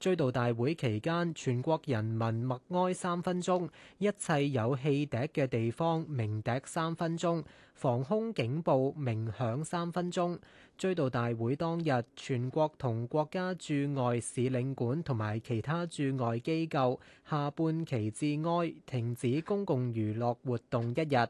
追悼大會期間，全國人民默哀三分鐘，一切有汽笛嘅地方鳴笛三分鐘，防空警報鳴響三分鐘。追悼大會當日，全國同國家駐外使領館同埋其他駐外機構下半旗致哀，停止公共娛樂活動一日。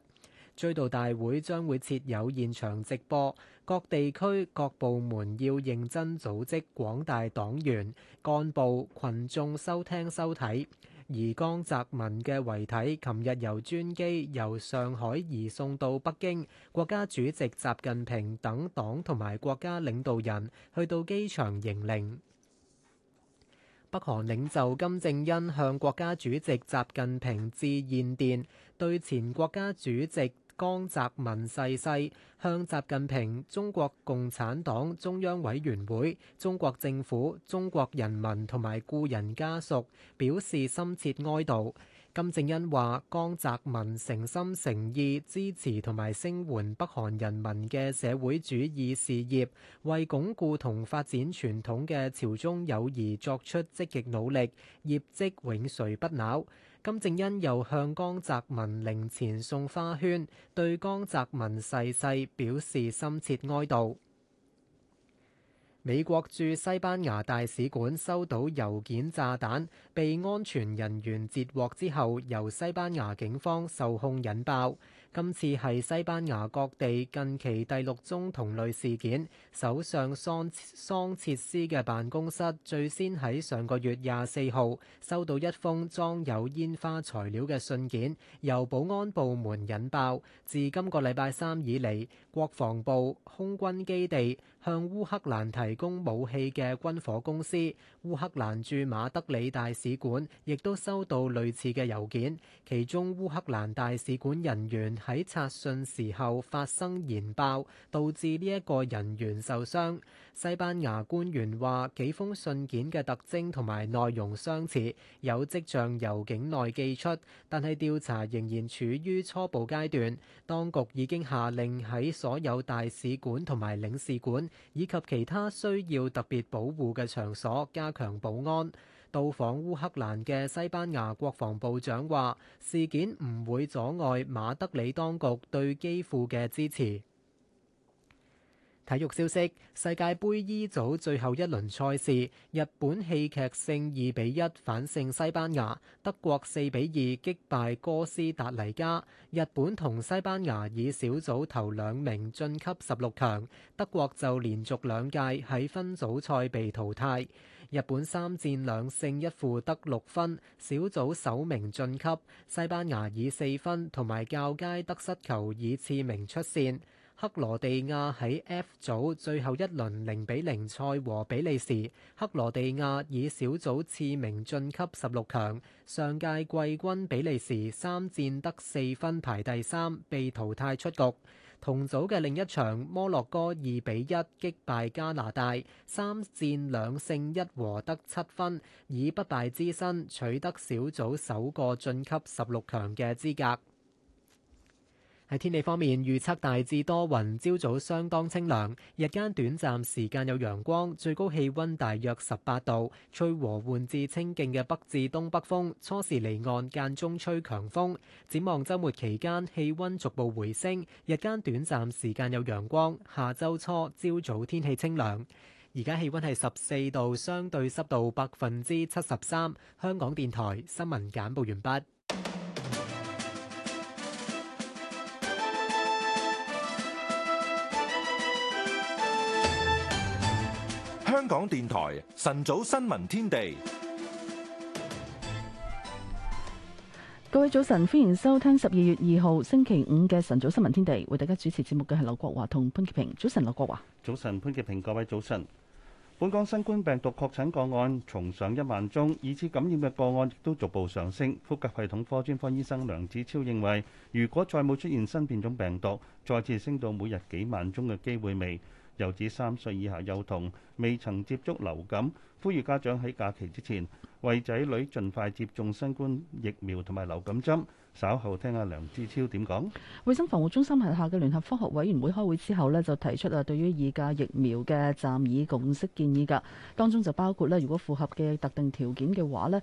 追悼大會將會設有現場直播。各地區各部門要認真組織廣大黨員、幹部、群眾收聽收睇。而江澤民嘅遺體，琴日由專機由上海移送到北京，國家主席習近平等黨同埋國家領導人去到機場迎靈。北韓領袖金正恩向國家主席習近平致唁電，對前國家主席，江澤民逝世，向習近平、中國共產黨中央委員會、中國政府、中國人民同埋故人家屬表示深切哀悼。金正恩話：江澤民誠心誠意支持同埋聲援北韓人民嘅社會主義事業，為鞏固同發展傳統嘅朝中友誼作出積極努力，業績永垂不朽。金正恩又向江澤民靈前送花圈，對江澤民逝世表示深切哀悼。美國駐西班牙大使館收到郵件炸彈，被安全人員截獲之後，由西班牙警方受控引爆。今次係西班牙各地近期第六宗同類事件，首相桑桑切斯嘅辦公室最先喺上個月廿四號收到一封裝有煙花材料嘅信件，由保安部門引爆。至自今個禮拜三以嚟，國防部空軍基地。向烏克蘭提供武器嘅軍火公司，烏克蘭駐馬德里大使館亦都收到類似嘅郵件，其中烏克蘭大使館人員喺拆信時候發生燃爆，導致呢一個人員受傷。西班牙官員話：幾封信件嘅特徵同埋內容相似，有跡象由境內寄出，但係調查仍然處於初步階段。當局已經下令喺所有大使館同埋領事館，以及其他需要特別保護嘅場所加強保安。到訪烏克蘭嘅西班牙國防部長話，事件唔會阻礙馬德里當局對基輔嘅支持。體育消息：世界杯 E 組最後一輪賽事，日本戲劇性二比一反勝西班牙，德國四比二擊敗哥斯達黎加。日本同西班牙以小組頭兩名晉級十六強，德國就連續兩屆喺分組賽被淘汰。日本三戰兩勝一負得六分，小組首名晉級；西班牙以四分同埋較佳得失球，以次名出線。克羅地亞喺 F 組最後一輪零比零賽和比利時，克羅地亞以小組次名晉級十六強。上屆季軍比利時三戰得四分排第三，被淘汰出局。同組嘅另一場，摩洛哥二比一擊敗加拿大，三戰兩勝一和得七分，以不敗之身取得小組首個晉級十六強嘅資格。喺天氣方面預測大致多雲，朝早相當清涼，日間短暫時間有陽光，最高氣溫大約十八度，吹和緩至清勁嘅北至東北風，初時離岸間中吹強風，展望週末期間氣溫逐步回升，日間短暫時間有陽光。下週初朝早天氣清涼，而家氣溫係十四度，相對濕度百分之七十三。香港電台新聞簡報完畢。香港電台晨早新聞天地，各位早晨，歡迎收聽十二月二號星期五嘅晨早新聞天地，為大家主持節目嘅係劉國華同潘潔平。早晨，劉國華。早晨，潘潔平。各位早晨。本港新冠病毒確診個案重上一萬宗，二次感染嘅個案亦都逐步上升。呼吸系統科專科醫生梁子超認為，如果再冇出現新變種病毒，再次升到每日幾萬宗嘅機會未？又指三歲以下幼童未曾接觸流感，呼籲家長喺假期之前為仔女盡快接種新冠疫苗同埋流感針。稍後聽阿梁志超點講。衞生防護中心喺下個聯合科學委員會開會之後呢就提出啊，對於二價疫苗嘅暫擬共識建議㗎。當中就包括呢如果符合嘅特定條件嘅話呢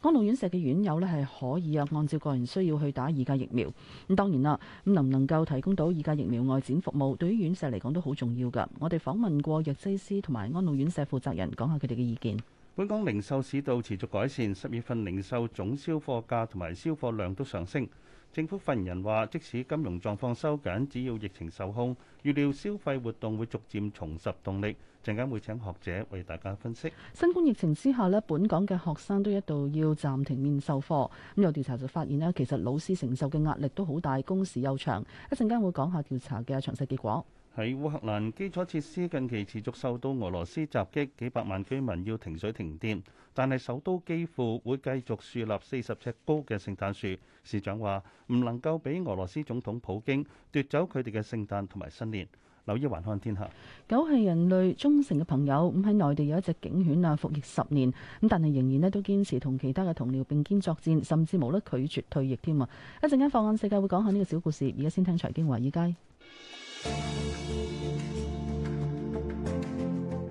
安老院舍嘅院友呢係可以啊，按照個人需要去打二價疫苗。咁當然啦，咁能唔能夠提供到二價疫苗外展服務，對於院舍嚟講都好重要㗎。我哋訪問過藥劑師同埋安老院舍負責人，講下佢哋嘅意見。本港零售市道持續改善，十月份零售總銷貨價同埋銷貨量都上升。政府發言人話，即使金融狀況收緊，只要疫情受控，預料消費活動會逐漸重拾動力。陣間會請學者為大家分析。新冠疫情之下呢，本港嘅學生都一度要暫停面授課。咁有調查就發現呢，其實老師承受嘅壓力都好大，工時又長。一陣間會講下調查嘅詳細結果。喺烏克蘭基礎設施近期持續受到俄羅斯襲擊，幾百萬居民要停水停電。但係首都基輔會繼續樹立四十尺高嘅聖誕樹。市長話唔能夠俾俄羅斯總統普京奪走佢哋嘅聖誕同埋新年。留意環看天下。狗係人類忠誠嘅朋友。咁喺內地有一隻警犬啊，服役十年，咁但係仍然咧都堅持同其他嘅同僚並肩作戰，甚至無得拒絕退役添啊！一陣間放眼世界會講下呢個小故事。而家先聽財經華爾街。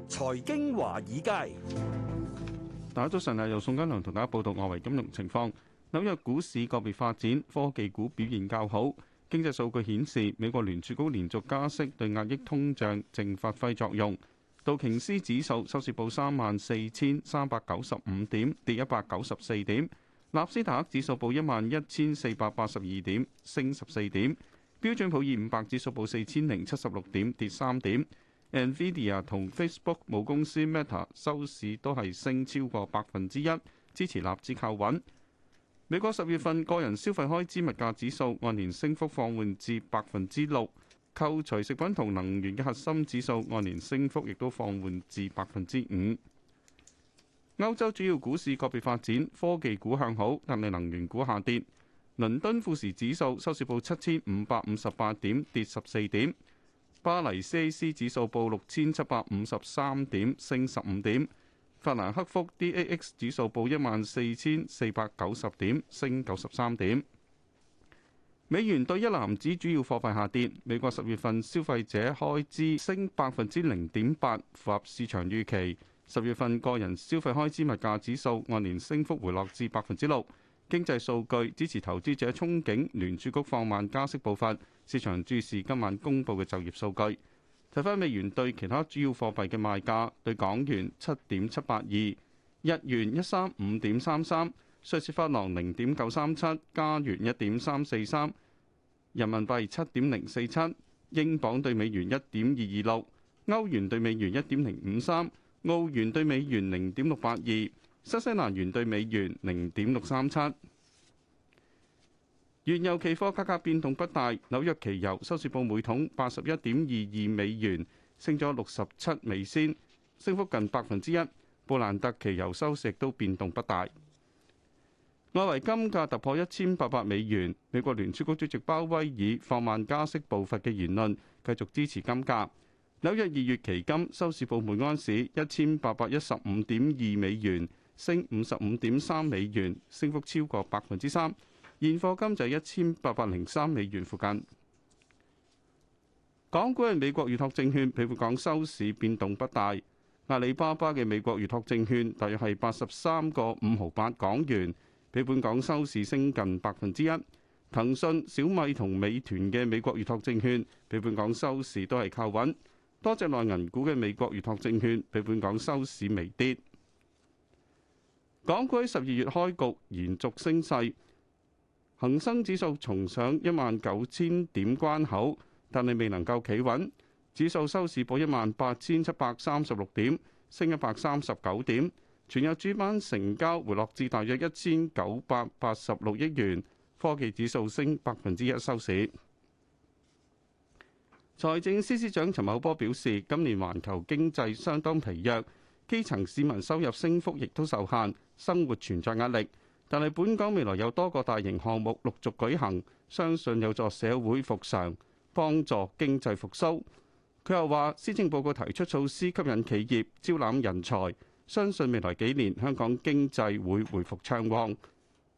財經華爾街，大家早晨啊！由宋嘉良同大家報道外圍金融情況。紐約股市個別發展，科技股表現較好。經濟數據顯示，美國聯儲局連續加息，對壓抑通脹正發揮作用。道瓊斯指數收市報三萬四千三百九十五點，跌一百九十四點。納斯達克指數報一萬一千四百八十二點，升十四點。標準普爾五百指數報四千零七十六點，跌三點。Nvidia 同 Facebook 母公司 Meta 收市都係升超過百分之一，支持納指靠穩。美國十月份個人消費開支物價指數按年升幅放緩至百分之六，扣除食品同能源嘅核心指數按年升幅亦都放緩至百分之五。歐洲主要股市個別發展，科技股向好，但係能源股下跌。倫敦富時指數收市報七千五百五十八點，跌十四點；巴黎 CAC 指數報六千七百五十三點，升十五點；法蘭克福 DAX 指數報一萬四千四百九十點，升九十三點。美元對一籃子主要貨幣下跌。美國十月份消費者開支升百分之零點八，符合市場預期。十月份個人消費開支物價指數按年升幅回落至百分之六。經濟數據支持投資者憧憬聯儲局放慢加息步伐，市場注視今晚公布嘅就業數據。睇返美元兌其他主要貨幣嘅賣價，對港元七點七八二，日元一三五點三三，瑞士法郎零點九三七，加元一點三四三，人民幣七點零四七，英鎊對美元一點二二六，歐元對美元一點零五三，澳元對美元零點六八二。新西蘭元兌美元零點六三七，原油期貨價格變動不大。紐約期油收市報每桶八十一點二二美元，升咗六十七美仙，升幅近百分之一。布蘭特期油收市都變動不大。外圍金價突破一千八百美元，美國聯儲局主席鮑威爾放慢加息步伐嘅言論，繼續支持金價。紐約二月期金收市報每安士一千八百一十五點二美元。升五十五點三美元，升幅超過百分之三。現貨金就一千八百零三美元附近。港股嘅美國預託證券，比本港收市變動不大。阿里巴巴嘅美國預託證券，大約係八十三個五毫八港元，比本港收市升近百分之一。騰訊、小米同美團嘅美國預託證券，比本港收市都係靠穩。多隻內銀股嘅美國預託證券，比本港收市微跌。港區十二月開局延續升勢，恒生指數重上一萬九千點關口，但係未能夠企穩，指數收市報一萬八千七百三十六點，升一百三十九點。全日主板成交回落至大約一千九百八十六億元，科技指數升百分之一收市。財政司司長陳茂波表示，今年環球經濟相當疲弱。基層市民收入升幅亦都受限，生活存在壓力。但係本港未來有多個大型項目陸續舉行，相信有助社會復常，幫助經濟復甦。佢又話，施政報告提出措施吸引企業招攬人才，相信未來幾年香港經濟會回復暢旺。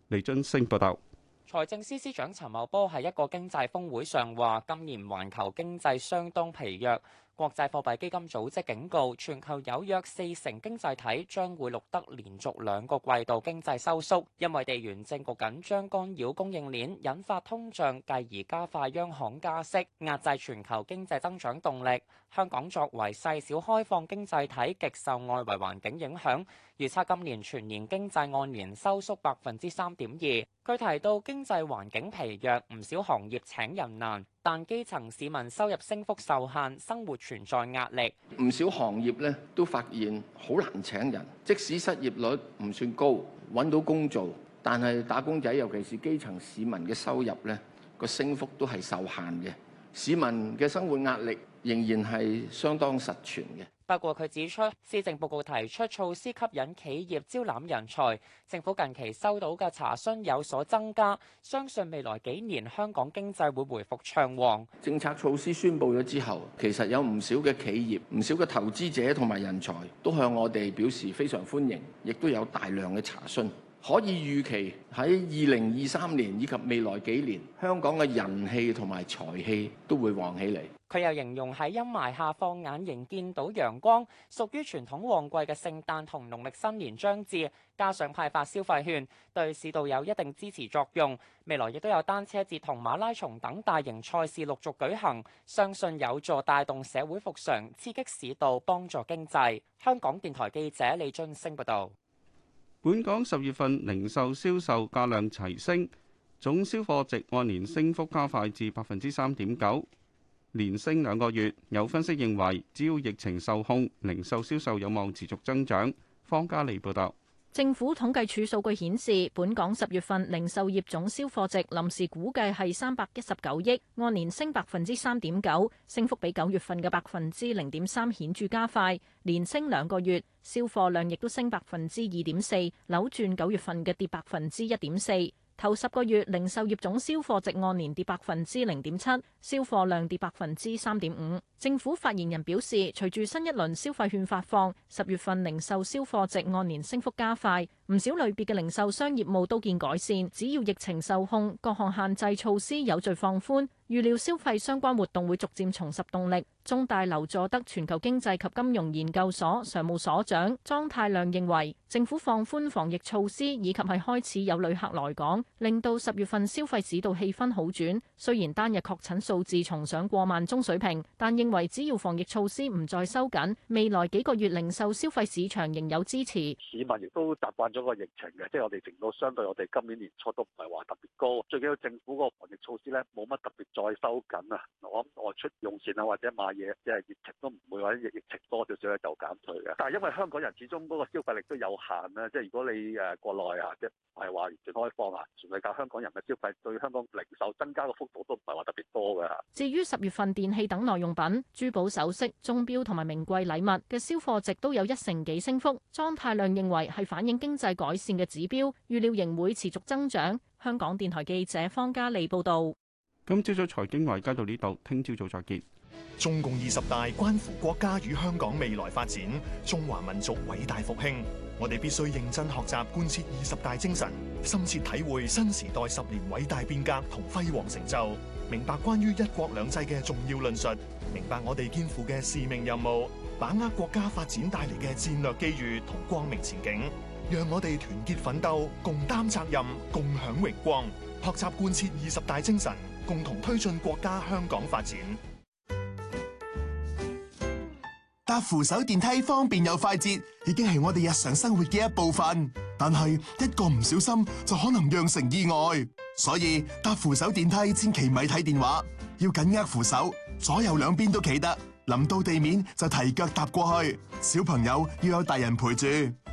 李津升報道，財政司司長陳茂波喺一個經濟峰會上話：今年環球經濟相當疲弱。國際貨幣基金組織警告，全球有約四成經濟體將會錄得連續兩個季度經濟收縮，因為地緣政局緊張、干擾供應鏈、引發通脹，繼而加快央行加息，壓制全球經濟增長動力。香港作為細小開放經濟體，極受外圍環境影響，預測今年全年經濟按年收縮百分之三點二。佢提到經濟環境疲弱，唔少行業請人難。但基層市民收入升幅受限，生活存在壓力。唔少行業咧都發現好難請人，即使失業率唔算高，揾到工做，但係打工仔尤其是基層市民嘅收入咧個升幅都係受限嘅，市民嘅生活壓力仍然係相當實存嘅。不過，佢指出，施政報告提出措施吸引企業招攬人才，政府近期收到嘅查詢有所增加，相信未來幾年香港經濟會回復暢旺。政策措施宣布咗之後，其實有唔少嘅企業、唔少嘅投資者同埋人才都向我哋表示非常歡迎，亦都有大量嘅查詢，可以預期喺二零二三年以及未來幾年，香港嘅人氣同埋財氣都會旺起嚟。佢又形容喺陰霾下放眼仍見到陽光，屬於傳統旺季嘅聖誕同農曆新年將至，加上派發消費券，對市道有一定支持作用。未來亦都有單車節同馬拉松等大型賽事陸續舉行，相信有助帶動社會復常，刺激市道，幫助經濟。香港電台記者李俊升報道。本港十月份零售銷售價量齊升，總銷貨值按年升幅加快至百分之三點九。連升兩個月，有分析認為，只要疫情受控，零售銷售有望持續增長。方家利報導，政府統計處數據顯示，本港十月份零售業總銷貨值臨時估計係三百一十九億，按年升百分之三點九，升幅比九月份嘅百分之零點三顯著加快，連升兩個月，銷貨量亦都升百分之二點四，扭轉九月份嘅跌百分之一點四。頭十個月零售業總銷貨值按年跌百分之零點七，銷貨量跌百分之三點五。政府發言人表示，隨住新一輪消費券發放，十月份零售銷貨值按年升幅加快，唔少類別嘅零售商業務都見改善。只要疫情受控，各項限制措施有序放寬。預料消費相關活動會逐漸重拾動力。中大劉佐德全球經濟及金融研究所常務所長莊太亮認為，政府放寬防疫措施以及係開始有旅客來港，令到十月份消費市道氣氛好轉。雖然單日確診數字重上過萬宗水平，但認為只要防疫措施唔再收緊，未來幾個月零售消費市場仍有支持。市民亦都習慣咗個疫情嘅，即係我哋程度相對我哋今年年初都唔係話特別高。最緊要政府嗰個防疫措施呢冇乜特別。再收緊啊！我諗外出用錢啊，或者買嘢，即係疫情都唔會話疫疫情多咗，少少就減退嘅。但係因為香港人始終嗰個消費力都有限啦，即係如果你誒國內啊，即係話係話完全開放啊，全世界香港人嘅消費對香港零售增加嘅幅度都唔係話特別多嘅。至於十月份電器等耐用品、珠寶首飾、鐘表同埋名貴禮物嘅銷貨值都有一成幾升幅。莊太亮認為係反映經濟改善嘅指標，預料仍會持續增長。香港電台記者方嘉莉報道。今朝、嗯、早財經外街到呢度，聽朝早再見。中共二十大關乎國家與香港未來發展，中華民族偉大復興，我哋必須認真學習貫徹二十大精神，深切體會新時代十年偉大變革同輝煌成就，明白關於一國兩制嘅重要論述，明白我哋肩負嘅使命任務，把握國家發展帶嚟嘅戰略機遇同光明前景，讓我哋團結奮鬥，共擔責任，共享榮光，學習貫徹二十大精神。共同推進國家香港發展。搭扶手電梯方便又快捷，已經係我哋日常生活嘅一部分。但係一個唔小心就可能釀成意外，所以搭扶手電梯千祈咪睇電話，要緊握扶手，左右兩邊都企得。臨到地面就提腳踏過去。小朋友要有大人陪住，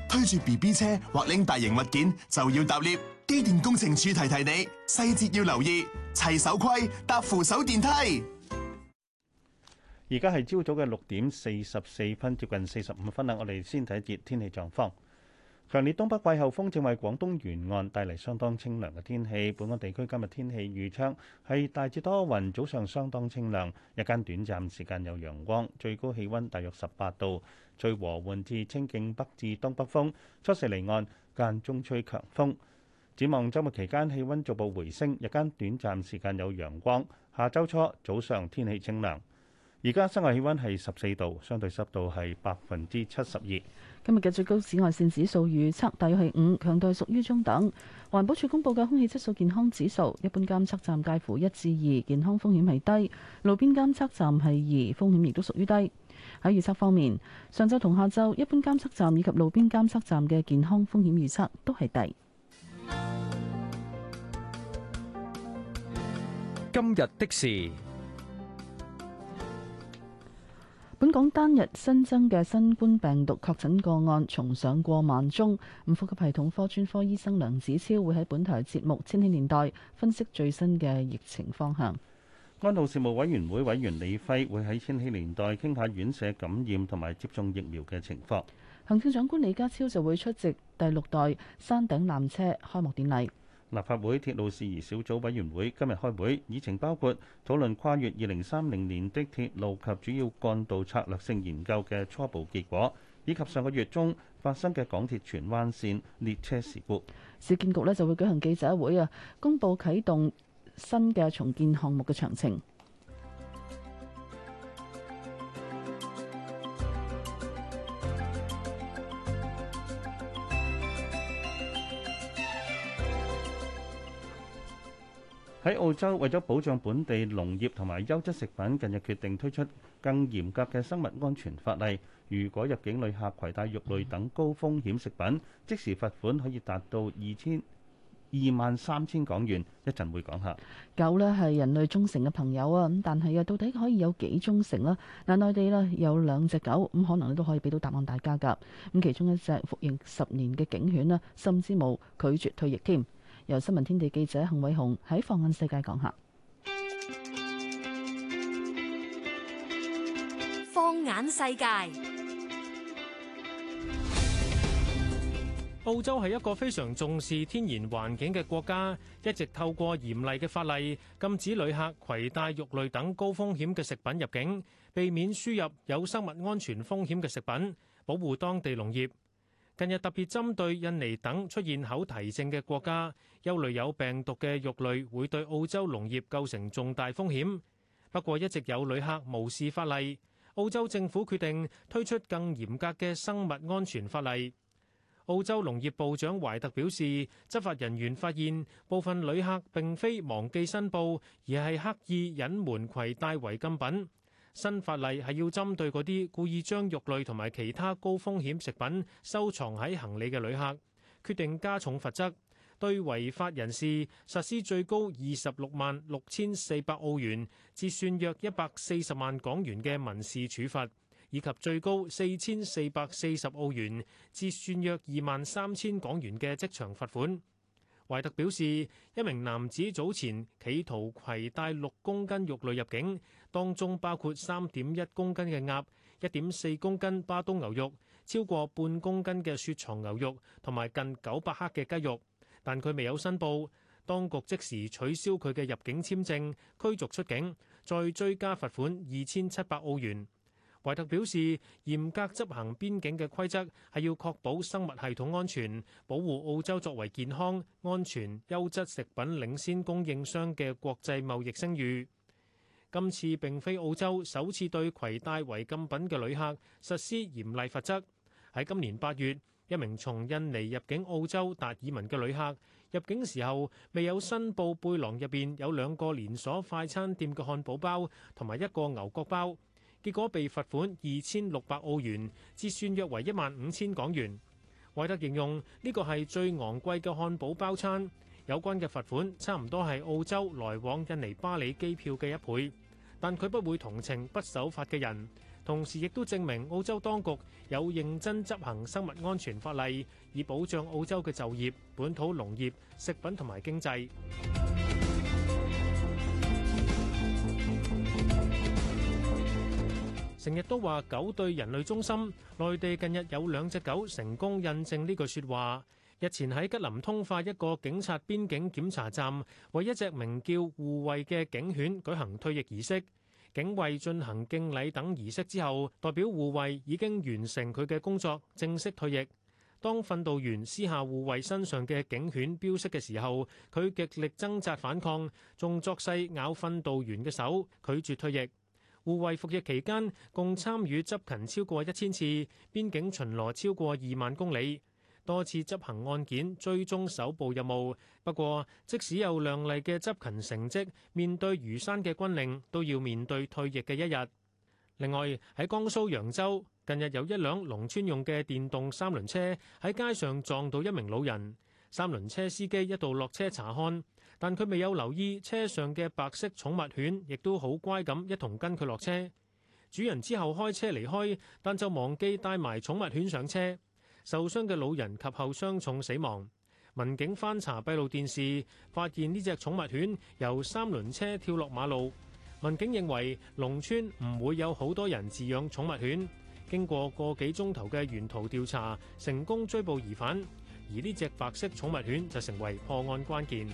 推住 BB 車或拎大型物件就要搭 lift。機電工程處提提你，細節要留意，齊守規搭扶手電梯。而家係朝早嘅六點四十四分，接近四十五分啦。我哋先睇一節天氣狀況。強烈東北季候風正為廣東沿岸帶嚟相當清涼嘅天氣。本港地區今日天氣預測係大致多雲，早上相當清涼，日間短暫時間有陽光，最高氣溫大約十八度，吹和緩至清勁北至東北風，初時離岸，間中吹強風。展望周末期間氣溫逐步回升，日間短暫時間有陽光。下周初早上天氣清涼，而家室外氣溫係十四度，相對濕度係百分之七十二。今日嘅最高紫外線指數預測大約係五，強度屬於中等。環保署公布嘅空氣質素健康指數一般監測站介乎一至二，健康風險係低；路邊監測站係二，風險亦都屬於低。喺預測方面，上晝同下晝一般監測站以及路邊監測站嘅健康風險預測都係低。今日的事，本港單日新增嘅新冠病毒確診個案重上過萬宗。咁呼吸系統科專科醫生梁子超會喺本台節目《千禧年代》分析最新嘅疫情方向。安老事務委員會委員李輝會喺《千禧年代》傾下院舍感染同埋接種疫苗嘅情況。行政長官李家超就會出席第六代山頂纜車開幕典禮。立法會鐵路事宜小組委員會今日開會，議程包括討論跨越二零三零年的鐵路及主要幹道策略性研究嘅初步結果，以及上個月中發生嘅港鐵荃灣綫列車事故。市建局呢就會舉行記者會啊，公布啟動新嘅重建項目嘅詳情。喺澳洲，為咗保障本地農業同埋優質食品，近日決定推出更嚴格嘅生物安全法例。如果入境旅客攜帶肉類等高風險食品，即時罰款可以達到二千二萬三千港元。一陣會講下狗呢係人類忠誠嘅朋友啊，咁但係啊，到底可以有幾忠誠呢？嗱，內地呢有兩隻狗，咁可能咧都可以俾到答案大家㗎。咁其中一隻服役十年嘅警犬呢，甚至冇拒絕退役添。由新聞天地記者幸偉雄喺放眼世界講下，放眼世界，澳洲係一個非常重視天然環境嘅國家，一直透過嚴厲嘅法例禁止旅客攜帶肉類等高風險嘅食品入境，避免輸入有生物安全風險嘅食品，保護當地農業。近日特別針對印尼等出現口蹄症嘅國家，憂慮有病毒嘅肉類會對澳洲農業構成重大風險。不過一直有旅客無視法例，澳洲政府決定推出更嚴格嘅生物安全法例。澳洲農業部長懷特表示，執法人員發現部分旅客並非忘記申報，而係刻意隱瞞攜帶違禁品。新法例係要針對嗰啲故意將肉類同埋其他高風險食品收藏喺行李嘅旅客，決定加重罰則，對違法人士實施最高二十六萬六千四百澳元，折算約一百四十萬港元嘅民事處罰，以及最高四千四百四十澳元，折算約二萬三千港元嘅即場罰款。懷特表示，一名男子早前企圖攜帶六公斤肉類入境。當中包括三點一公斤嘅鴨、一點四公斤巴東牛肉、超過半公斤嘅雪藏牛肉同埋近九百克嘅雞肉，但佢未有申報，當局即時取消佢嘅入境簽證，驅逐出境，再追加罰款二千七百澳元。懷特表示，嚴格執行邊境嘅規則係要確保生物系統安全，保護澳洲作為健康、安全、優質食品領先供應商嘅國際貿易聲譽。今次並非澳洲首次對攜帶違禁品嘅旅客實施嚴厲罰則。喺今年八月，一名從印尼入境澳洲達爾文嘅旅客，入境時候未有申報背囊入邊有兩個連鎖快餐店嘅漢堡包同埋一個牛角包，結果被罰款二千六百澳元，折算約為一萬五千港元。韋德形容呢個係最昂貴嘅漢堡包餐，有關嘅罰款差唔多係澳洲來往印尼巴里機票嘅一倍。但佢不會同情不守法嘅人，同時亦都證明澳洲當局有認真執行生物安全法例，以保障澳洲嘅就業、本土農業、食品同埋經濟。成日都話狗對人類忠心，內地近日有兩隻狗成功印證呢句說話。日前喺吉林通化一個警察邊境檢查站，為一隻名叫護衛嘅警犬舉行退役儀式。警衛進行敬禮等儀式之後，代表護衛已經完成佢嘅工作，正式退役。當訓導員撕下護衛身上嘅警犬標識嘅時候，佢極力掙扎反抗，仲作勢咬訓導員嘅手，拒絕退役。護衛服役期間共參與執勤超過一千次，邊境巡邏超過二萬公里。多次執行案件、追蹤搜捕任務，不過即使有亮麗嘅執勤成績，面對如山嘅軍令，都要面對退役嘅一日。另外喺江蘇揚州，近日有一輛農村用嘅電動三輪車喺街上撞到一名老人，三輪車司機一度落車查看，但佢未有留意車上嘅白色寵物犬，亦都好乖咁一同跟佢落車。主人之後開車離開，但就忘記帶埋寵物犬上車。受傷嘅老人及後傷重死亡。民警翻查閉路電視，發現呢隻寵物犬由三輪車跳落馬路。民警認為農村唔會有好多人飼養寵物犬。經過個幾鐘頭嘅沿途調查，成功追捕疑犯，而呢隻白色寵物犬就成為破案關鍵。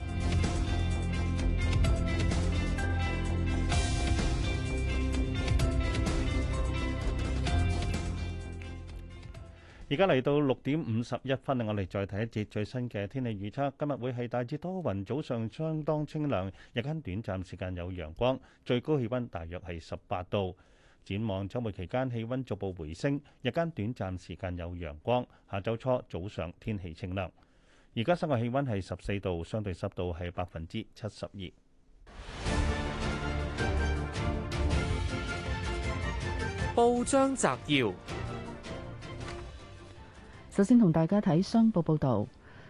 而家嚟到六點五十一分，我哋再睇一節最新嘅天氣預測。今日會係大致多雲，早上相當清涼，日間短暫時間有陽光，最高氣溫大約係十八度。展望週末期間氣溫逐步回升，日間短暫時間有陽光。下週初早上天氣清涼。而家室外氣溫係十四度，相對濕度係百分之七十二。報章摘要。首先同大家睇商報報道，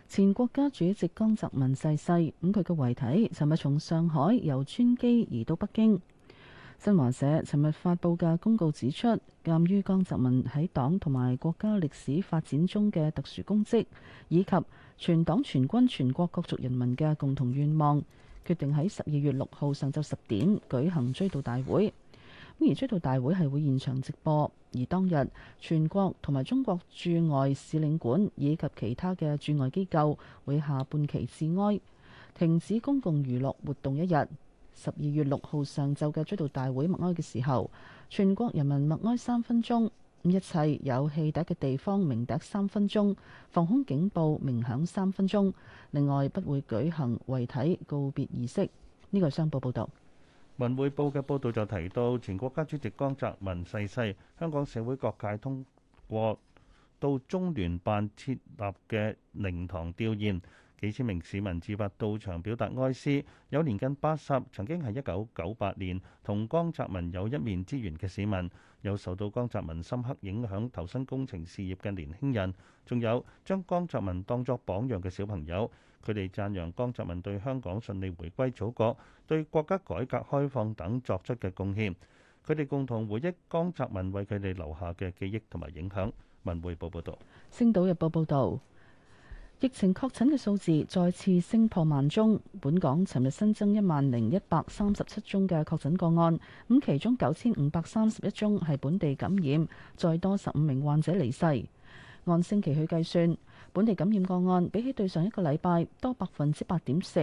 前國家主席江澤民逝世，咁佢嘅遺體尋日從上海由專機移到北京。新華社尋日發布嘅公告指出，鑒於江澤民喺黨同埋國家歷史發展中嘅特殊功績，以及全黨全軍全國各族人民嘅共同願望，決定喺十二月六號上晝十點舉行追悼大會。而追悼大會係會現場直播，而當日全國同埋中國駐外使領館以及其他嘅駐外機構會下半旗致哀，停止公共娛樂活動一日。十二月六號上晝嘅追悼大會默哀嘅時候，全國人民默哀三分鐘，一切有氣笛嘅地方鳴笛三分鐘，防空警報鳴響三分鐘，另外，不會舉行遺體告別儀式。呢個商報報道。文匯報嘅報道就提到，前國家主席江澤民逝世，香港社會各界通過到中聯辦設立嘅靈堂吊唁，幾千名市民自發到場表達哀思，有年近八十曾經喺一九九八年同江澤民有一面之緣嘅市民，有受到江澤民深刻影響投身工程事業嘅年輕人，仲有將江澤民當作榜樣嘅小朋友。佢哋讚揚江澤民對香港順利回歸祖國、對國家改革開放等作出嘅貢獻。佢哋共同回憶江澤民為佢哋留下嘅記憶同埋影響。文匯報報道。《星島日報》報道，疫情確診嘅數字再次升破萬宗。本港尋日新增一萬零一百三十七宗嘅確診個案，咁其中九千五百三十一宗係本地感染，再多十五名患者離世。按星期去計算。本地感染個案比起對上一個禮拜多百分之八點四，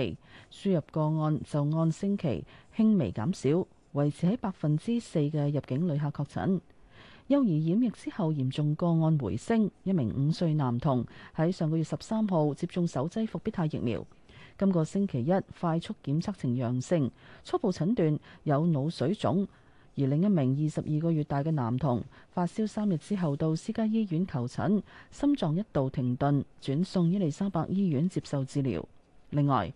輸入個案就按星期輕微減少，維持喺百分之四嘅入境旅客確診。幼兒染疫之後嚴重個案回升，一名五歲男童喺上個月十三號接種首劑復必泰疫苗，今個星期一快速檢測呈陽性，初步診斷有腦水腫。而另一名二十二個月大嘅男童發燒三日之後到私家醫院求診，心臟一度停頓，轉送伊利沙白醫院接受治療。另外，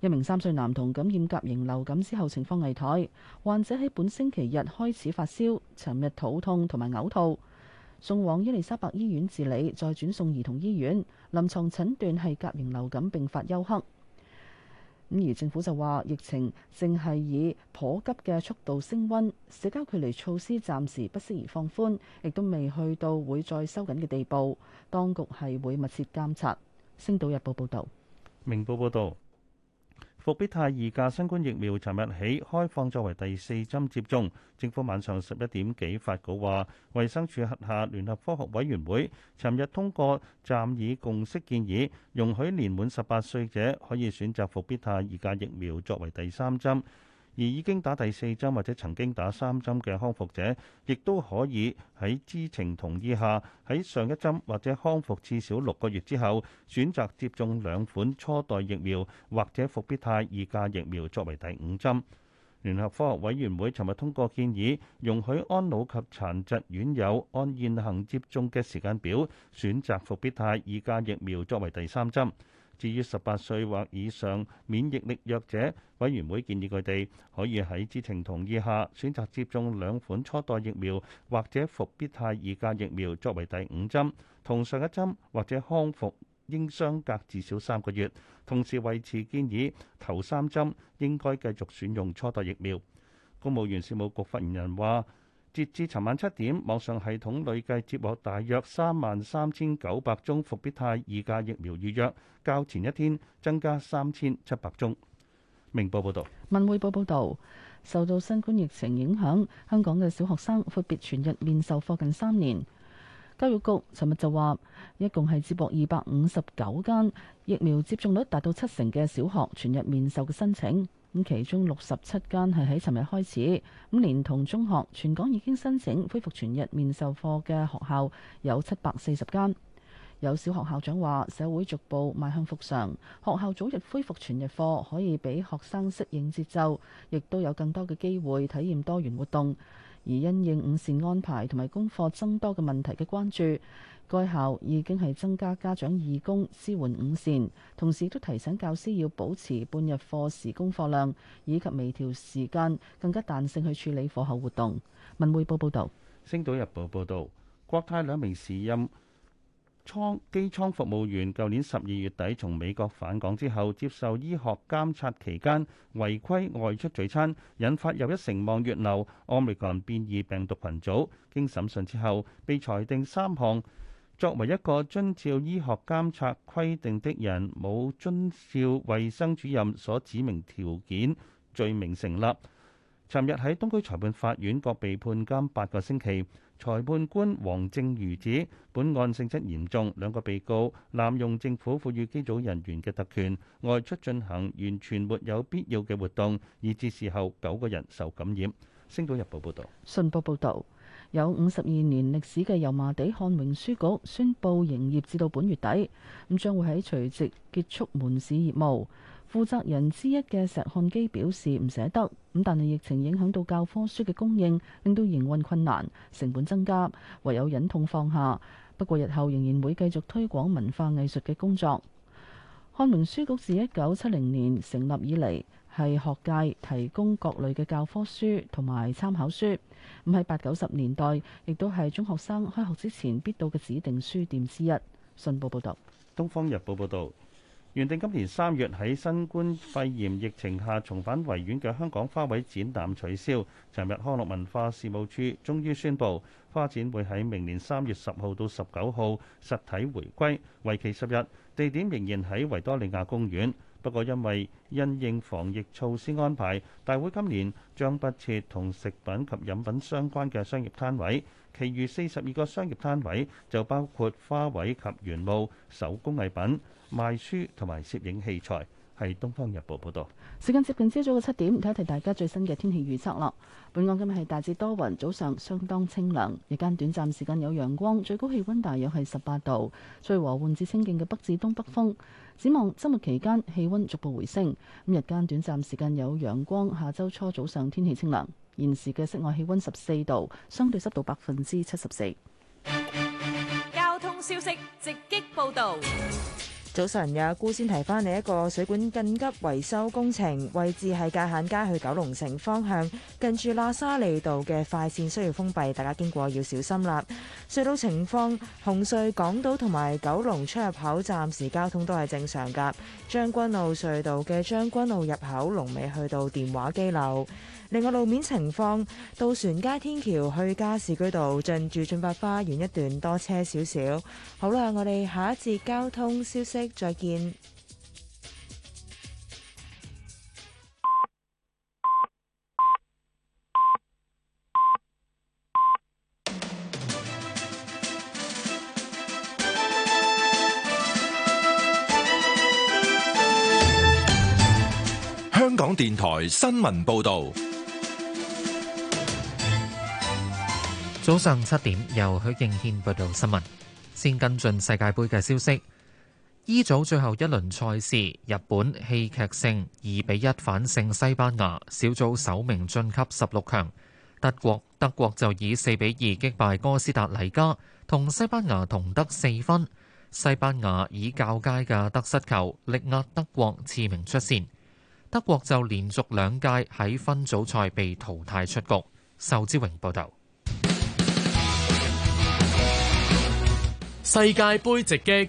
一名三歲男童感染甲型流感之後情況危殆，患者喺本星期日開始發燒，尋日肚痛同埋嘔吐，送往伊利沙白醫院治理，再轉送兒童醫院，臨床診斷係甲型流感併發休克。咁而政府就話，疫情淨係以頗急嘅速度升溫，社交距離措施暫時不適宜放寬，亦都未去到會再收緊嘅地步，當局係會密切監察。星島日報報道。明報報道。復必泰二價新冠疫苗尋日起開放作為第四針接種。政府晚上十一點幾發稿話，衛生署轄下聯合科學委員會尋日通過暫以共識建議，容許年滿十八歲者可以選擇復必泰二價疫苗作為第三針。而已經打第四針或者曾經打三針嘅康復者，亦都可以喺知情同意下，喺上一針或者康復至少六個月之後，選擇接種兩款初代疫苗或者復必泰二價疫苗作為第五針。聯合科學委員會尋日通過建議，容許安老及殘疾院友按現行接種嘅時間表，選擇復必泰二價疫苗作為第三針。至於十八歲或以上免疫力弱者，委員會建議佢哋可以喺知情同意下選擇接種兩款初代疫苗，或者復必泰二價疫苗作為第五針，同上一針或者康復應相隔至少三個月。同時，維持建議頭三針應該繼續選用初代疫苗。公務員事務局發言人話：截至尋晚七點，網上系統累計接獲大約三萬三千九百宗復必泰二價疫苗預約，較前一天增加三千七百宗。明報報道，文匯報報道，受到新冠疫情影響，香港嘅小學生闊別全日面授課近三年。教育局尋日就話，一共係接獲二百五十九間疫苗接種率達到七成嘅小學全日面授嘅申請。咁其中六十七間係喺尋日開始，咁連同中學，全港已經申請恢復全日面授課嘅學校有七百四十間。有小學校長話：社會逐步邁向復常，學校早日恢復全日課可以俾學生適應節奏，亦都有更多嘅機會體驗多元活動。而因應午膳安排同埋功課增多嘅問題嘅關注。該校已經係增加家長義工支援五線，同時都提醒教師要保持半日課時功課量，以及微調時間，更加彈性去處理課後活動。文匯報報道：《星島日報》報道，國泰兩名時任艙機艙服務員，舊年十二月底從美國返港之後，接受醫學監察期間違規外出聚餐，引發又一城望月流奧美克林變異病毒群組。經審訊之後，被裁定三項。作為一個遵照醫學監察規定的人，冇遵照衛生主任所指明條件，罪名成立。尋日喺東區裁判法院，各被判監八個星期。裁判官黃正如指，本案性質嚴重，兩個被告濫用政府賦予機組人員嘅特權，外出進行完全沒有必要嘅活動，以致事後九個人受感染。星島日報報道。信報報導。有五十二年歷史嘅油麻地漢榮書局宣布營業至到本月底，咁將會喺除夕結束門市業務。負責人之一嘅石漢基表示唔捨得，咁但係疫情影響到教科書嘅供應，令到營運困難、成本增加，唯有忍痛放下。不過日後仍然會繼續推廣文化藝術嘅工作。漢榮書局自一九七零年成立以嚟，係學界提供各類嘅教科書同埋參考書，咁喺八九十年代，亦都係中學生開學之前必到嘅指定書店之一。信報報道，《東方日報》報道，原定今年三月喺新冠肺炎疫情下重返維園嘅香港花卉展覽取消。尋日康樂文化事務處終於宣布，花展會喺明年三月十號到十九號實體回歸，為期十日，地點仍然喺維多利亞公園。不過，因為因應防疫措施安排，大會今年將不設同食品及飲品相關嘅商業攤位，其餘四十二個商業攤位就包括花卉及原木、手工藝品、賣書同埋攝影器材。係《東方日報》報道，時間接近朝早嘅七點，睇一睇大家最新嘅天氣預測啦。本港今日係大致多雲，早上相當清涼，日間短暫時間有陽光，最高氣溫大約係十八度，吹和緩至清勁嘅北至東北風。展望周末期間氣溫逐步回升，日間短暫時間有陽光，下周初早上天氣清涼。現時嘅室外氣溫十四度，相對濕度百分之七十四。交通消息直擊報道。早晨，阿姑先提翻你一個水管緊急維修工程，位置係界限街去九龍城方向，近住喇沙利道嘅快綫需要封閉，大家經過要小心啦。隧道情況，紅隧港島同埋九龍出入口暫時交通都係正常噶，將軍澳隧道嘅將軍澳入口龍尾去到電話機樓。另外路面情況，渡船街天橋去加士居道，進駐駿發花園一段多車少少。好啦，我哋下一節交通消息再見。香港電台新聞報道。早上七點，由許敬軒報道新聞，先跟進世界杯嘅消息。E 組最後一輪賽事，日本戲劇性二比一反勝西班牙，小組首名晉級十六強。德國德國就以四比二擊敗哥斯達黎加，同西班牙同得四分。西班牙以較佳嘅得失球力壓德國次名出線。德國就連續兩屆喺分組賽被淘汰出局。壽之榮報道。世界杯直擊。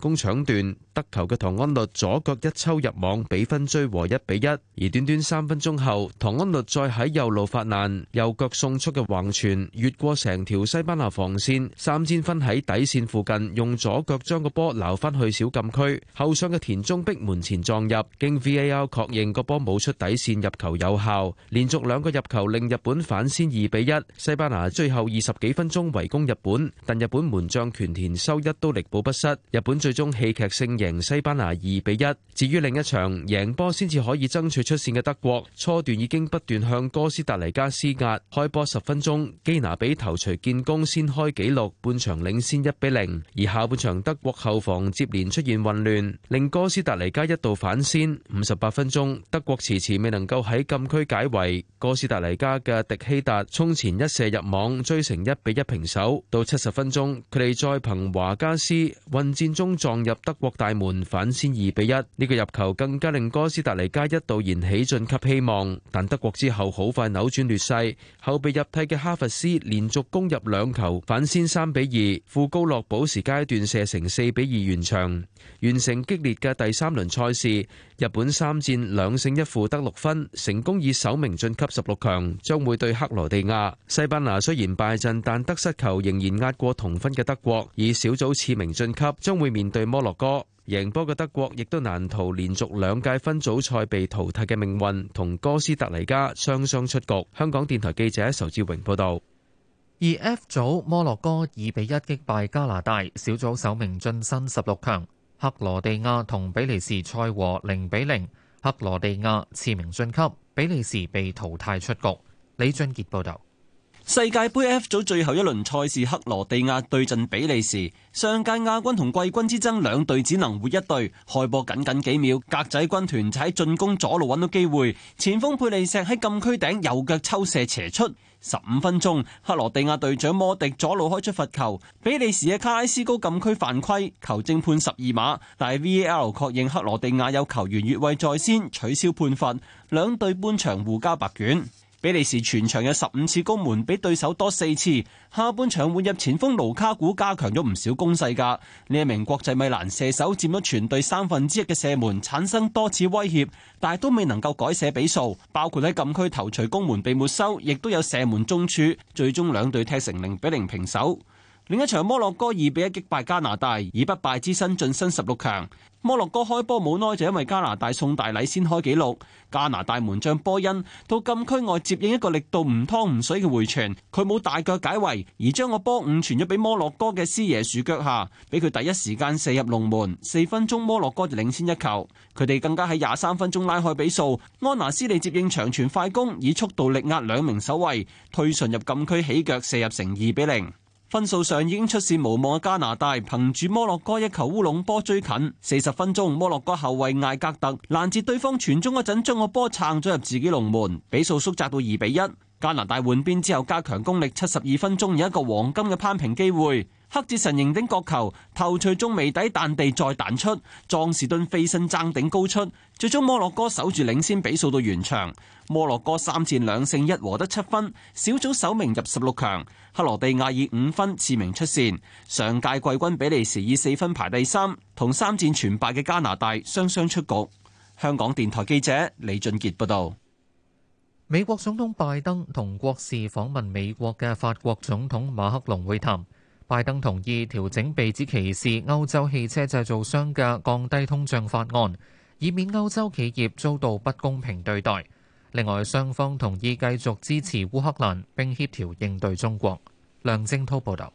攻搶斷得球嘅唐安律左腳一抽入網，比分追和一比一。而短短三分鐘後，唐安律再喺右路發難，右腳送出嘅橫傳越過成條西班牙防線，三笘薰喺底線附近，用左腳將個波撈翻去小禁區後上嘅田中碧門前撞入，經 VAR 確認個波冇出底線入球有效，連續兩個入球令日本反先二比一。西班牙最後二十幾分鐘圍攻日本，但日本門將權田修一都力保不失，日本最。最終戲劇性贏西班牙二比一。至於另一場贏波先至可以爭取出線嘅德國，初段已經不斷向哥斯達黎加施壓。開波十分鐘，基拿比頭錘建功先開紀錄，半場領先一比零。而下半場德國後防接連出現混亂，令哥斯達黎加一度反先。五十八分鐘，德國遲遲未能夠喺禁區解圍，哥斯達黎加嘅迪希達衝前一射入網，追成一比一平手。到七十分鐘，佢哋再憑華加斯混戰中撞入德國大門，反先二比一。呢個入球更加令哥斯達黎加一度燃起晉級希望，但德國之後好快扭轉劣勢。後備入替嘅哈弗斯連續攻入兩球，反先三比二。富高樂補時階段射成四比二完場，完成激烈嘅第三輪賽事。日本三戰兩勝一負得六分，成功以首名晉級十六強，將會對克羅地亞。西班牙雖然敗陣，但得失球仍然壓過同分嘅德國，以小組次名晉級，將會面。面對摩洛哥，贏波嘅德國亦都難逃連續兩屆分組賽被淘汰嘅命運，同哥斯達黎加雙雙出局。香港電台記者仇志榮報道。而 F 組，摩洛哥二比一擊敗加拿大，小組首名晉身十六強。克羅地亞同比利時賽和零比零，克羅地亞次名晉級，比利時被淘汰出局。李俊傑報道。世界杯 F 組最後一輪賽事，克羅地亞對陣比利時，上屆亞軍同季軍之爭，兩隊只能活一隊。開播僅僅幾秒，格仔軍團就喺進攻左路揾到機會，前鋒佩利石喺禁區頂右腳抽射斜出。十五分鐘，克羅地亞隊長摩迪左路開出罰球，比利時嘅卡拉斯高禁區犯規，球證判十二碼，但係 V A L 確認克羅地亞有球員越位在先，取消判罰，兩隊半場互交白卷。.比利時全場有十五次攻門，比對手多四次。下半場換入前鋒盧卡古加強咗唔少攻勢㗎。呢一名國際米蘭射手佔咗全隊三分之一嘅射門，產生多次威脅，但係都未能夠改寫比數。包括喺禁區頭槌攻門被沒收，亦都有射門中柱。最終兩隊踢成零比零平手。另一場摩洛哥二比一擊敗加拿大，以不敗之身晉身十六強。摩洛哥開波冇耐就因為加拿大送大禮先開紀錄。加拿大門將波恩到禁區外接應一個力度唔湯唔水嘅回傳，佢冇大腳解圍，而將個波誤傳咗俾摩洛哥嘅師爺鼠腳下，俾佢第一時間射入龍門。四分鐘摩洛哥就領先一球。佢哋更加喺廿三分鐘拉開比數。安娜斯利接應長傳快攻，以速度力壓兩名守衞，退順入禁區起腳射入成，成二比零。分數上已經出線無望嘅加拿大，憑住摩洛哥一球烏龍波追近。四十分鐘，摩洛哥後衛艾格特攔截對方傳中嗰陣，將個波撐咗入自己龍門，比數縮窄到二比一。加拿大換邊之後加強攻力，七十二分鐘有一個黃金嘅攀平機會，黑子神贏頂角球，頭錘中尾底，彈地再彈出，壯士敦飛身爭頂高出，最終摩洛哥守住領先比數到完場。摩洛哥三戰兩勝一和得七分，小組首名入十六強。克羅地亞以五分次名出線，上屆季軍比利時以四分排第三，同三戰全敗嘅加拿大雙雙出局。香港電台記者李俊傑報道，美國總統拜登同國事訪問美國嘅法國總統馬克龍會談，拜登同意調整被指歧視歐洲汽車製造商嘅降低通脹法案，以免歐洲企業遭到不公平對待。另外，雙方同意繼續支持烏克蘭，並協調應對中國。梁正滔報導。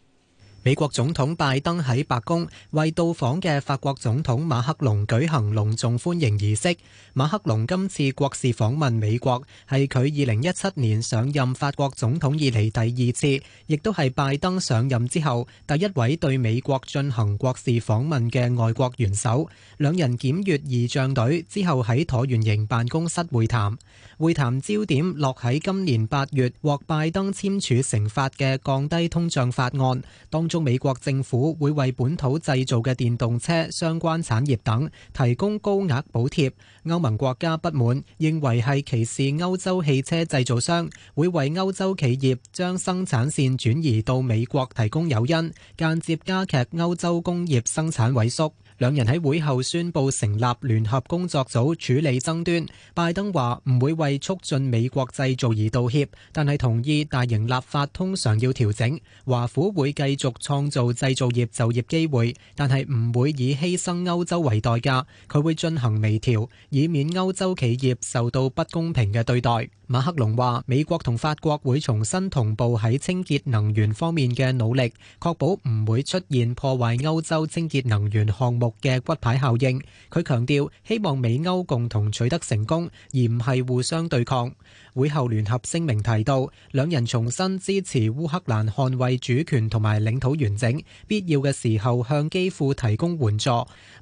美國總統拜登喺白宮為到訪嘅法國總統馬克龍舉行隆重歡迎儀式。馬克龍今次國事訪問美國係佢二零一七年上任法國總統以嚟第二次，亦都係拜登上任之後第一位對美國進行國事訪問嘅外國元首。兩人檢閱儀仗隊之後喺橢圓形辦公室會談，會談焦點落喺今年八月獲拜登簽署成法嘅降低通脹法案，當中。中美國政府會為本土製造嘅電動車相關產業等提供高額補貼。歐盟國家不滿，認為係歧視歐洲汽車製造商，會為歐洲企業將生產線轉移到美國提供誘因，間接加劇歐洲工業生產萎縮。兩人喺會後宣布成立聯合工作組處理爭端。拜登話唔會為促進美國製造而道歉，但係同意大型立法通常要調整。華府會繼續創造製造業就業機會，但係唔會以犧牲歐洲為代價。佢會進行微調，以免歐洲企業受到不公平嘅對待。馬克龍話美國同法國會重新同步喺清潔能源方面嘅努力，確保唔會出現破壞歐洲清潔能源項目嘅骨牌效應，佢強調希望美歐共同取得成功，而唔係互相對抗。會後聯合聲明提到，兩人重新支持烏克蘭捍衛主權同埋領土完整，必要嘅時候向基輔提供援助。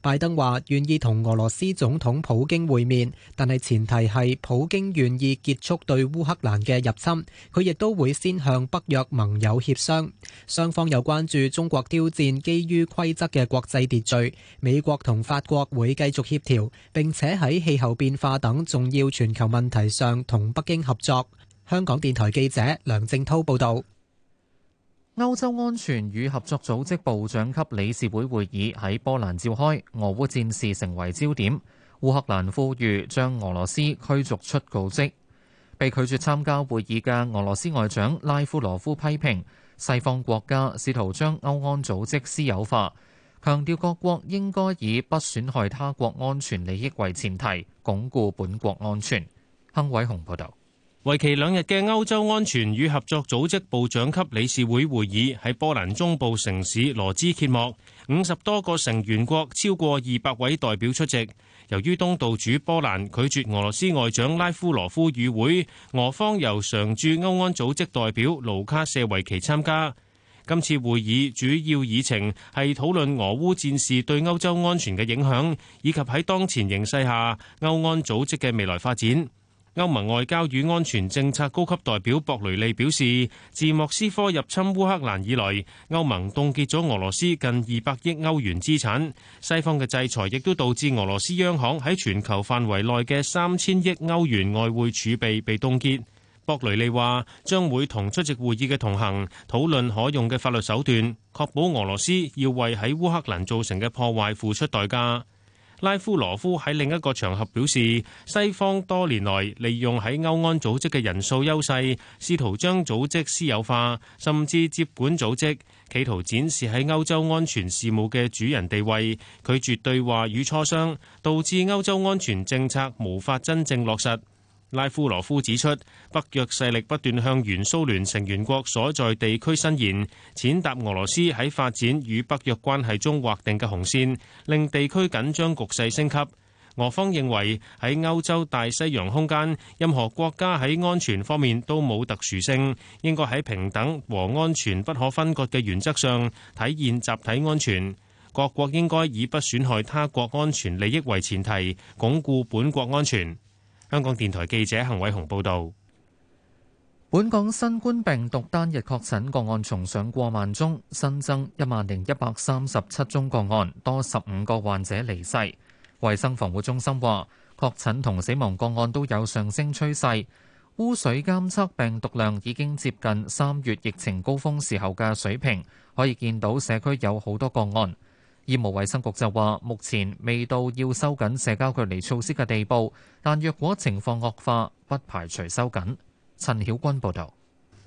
拜登話願意同俄羅斯總統普京會面，但係前提係普京願意結束對烏克蘭嘅入侵。佢亦都會先向北約盟友協商。雙方又關注中國挑戰基於規則嘅國際秩序。美國同法國會繼續協調，並且喺氣候變化等重要全球問題上同北京。合作。香港電台記者梁正濤報道，歐洲安全與合作組織部長級理事會會議喺波蘭召開，俄烏戰事成為焦點。烏克蘭呼籲將俄羅斯驅逐出組織。被拒絕參加會議嘅俄羅斯外長拉夫羅夫批評西方國家試圖將歐安組織私有化，強調各國應該以不損害他國安全利益為前提，鞏固本國安全。亨偉雄報道。為期兩日嘅歐洲安全與合作組織部長級理事會會議喺波蘭中部城市羅茲揭幕，五十多個成員國超過二百位代表出席。由於東道主波蘭拒絕俄羅斯外長拉夫羅夫與會，俄方由常駐歐安組織代表盧卡舍維奇參加。今次會議主要議程係討論俄烏戰事對歐洲安全嘅影響，以及喺當前形勢下歐安組織嘅未來發展。歐盟外交與安全政策高級代表博雷利表示，自莫斯科入侵烏克蘭以來，歐盟凍結咗俄羅斯近二百億歐元資產。西方嘅制裁亦都導致俄羅斯央行喺全球範圍內嘅三千億歐元外匯儲備被凍結。博雷利話，將會同出席會議嘅同行討論可用嘅法律手段，確保俄羅斯要為喺烏克蘭造成嘅破壞付出代價。拉夫羅夫喺另一個場合表示，西方多年來利用喺歐安組織嘅人數優勢，試圖將組織私有化，甚至接管組織，企圖展示喺歐洲安全事務嘅主人地位。拒絕對話與磋商，導致歐洲安全政策無法真正落實。拉夫羅夫指出，北約勢力不斷向原蘇聯成員國所在地區伸延，踐踏俄羅斯喺發展與北約關係中劃定嘅紅線，令地區緊張局勢升級。俄方認為，喺歐洲大西洋空間，任何國家喺安全方面都冇特殊性，應該喺平等和安全不可分割嘅原則上體現集體安全。各國應該以不損害他國安全利益為前提，鞏固本國安全。香港電台記者邢偉雄報道，本港新冠病毒單日確診個案重上過萬宗，新增一萬零一百三十七宗個案，多十五個患者離世。衛生防護中心話，確診同死亡個案都有上升趨勢，污水監測病毒量已經接近三月疫情高峰時候嘅水平，可以見到社區有好多個案。醫務衛生局就話，目前未到要收緊社交距離措施嘅地步，但若果情況惡化，不排除收緊。陳曉君報導。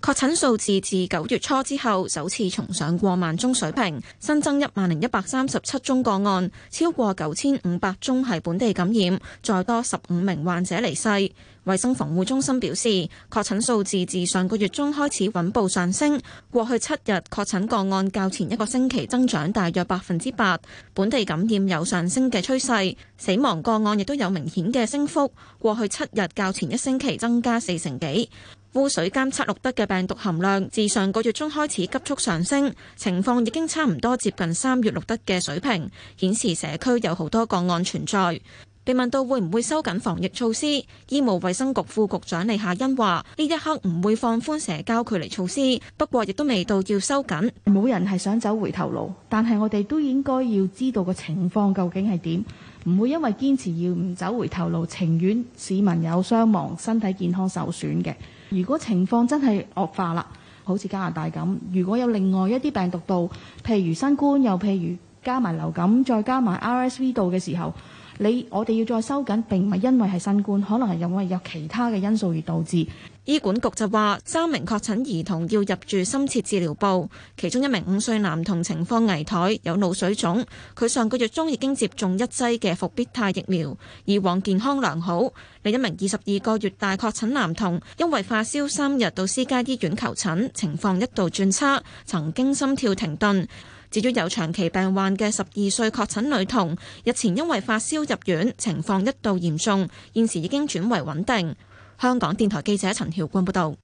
確診數字自九月初之後首次重上過萬宗水平，新增一萬零一百三十七宗個案，超過九千五百宗係本地感染，再多十五名患者離世。衛生防護中心表示，確診數字自上個月中開始穩步上升，過去七日確診個案較前一個星期增長大約百分之八，本地感染有上升嘅趨勢，死亡個案亦都有明顯嘅升幅，過去七日較前一星期增加四成幾。.污水監測錄得嘅病毒含量，自上個月中開始急速上升，情況已經差唔多接近三月錄得嘅水平，顯示社區有好多個案存在。被問到會唔會收緊防疫措施，醫務衛生局副局長李夏欣話：呢一刻唔會放寬社交距離措施，不過亦都未到要收緊。冇人係想走回頭路，但係我哋都應該要知道個情況究竟係點，唔會因為堅持要唔走回頭路，情願市民有傷亡、身體健康受損嘅。如果情況真係惡化啦，好似加拿大咁，如果有另外一啲病毒到，譬如新冠肺炎，又譬如加埋流感，再加埋 RSV 到嘅時候。你我哋要再收緊，並唔係因為係新冠，可能係因為有其他嘅因素而導致。醫管局就話，三名確診兒童要入住深切治療部，其中一名五歲男童情況危殆，有腦水腫，佢上個月中已經接種一劑嘅復必泰疫苗，以往健康良好。另一名二十二個月大確診男童因為發燒三日到私家醫院求診，情況一度轉差，曾經心跳停頓。至於有長期病患嘅十二歲確診女童，日前因為發燒入院，情況一度嚴重，現時已經轉為穩定。香港電台記者陳曉君報導。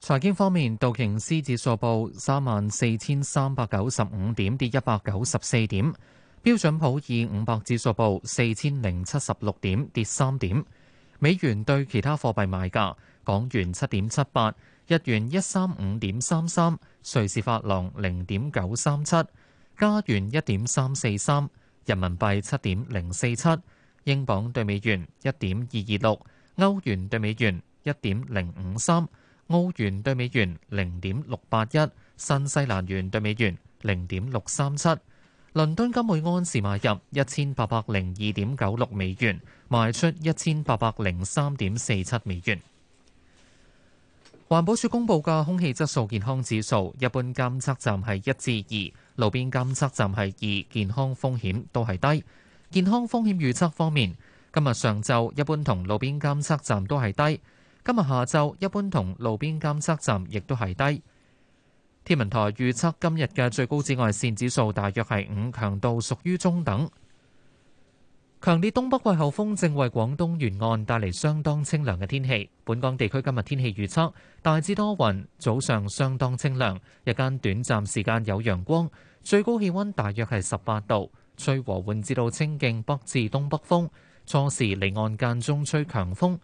財經方面，道瓊斯指數報三萬四千三百九十五點，跌一百九十四點；標準普爾五百指數報四千零七十六點，跌三點。美元對其他貨幣賣價，港元七點七八。日元一三五點三三，瑞士法郎零點九三七，加元一點三四三，人民幣七點零四七，英鎊對美元一點二二六，歐元對美元一點零五三，澳元對美元零點六八一，新西蘭元對美元零點六三七。倫敦金每盎司買入一千八百零二點九六美元，賣出一千八百零三點四七美元。環保署公布嘅空氣質素健康指數，一般監測站係一至二，路邊監測站係二，健康風險都係低。健康風險預測方面，今日上晝一般同路邊監測站都係低，今日下晝一般同路邊監測站亦都係低。天文台預測今日嘅最高紫外線指數大約係五，強度屬於中等。強烈東北季候風正為廣東沿岸帶嚟相當清涼嘅天氣。本港地區今日天氣預測大致多雲，早上相當清涼，日間短暫時間有陽光，最高氣溫大約係十八度，吹和緩至到清勁北至東北風。初時離岸間中吹強風。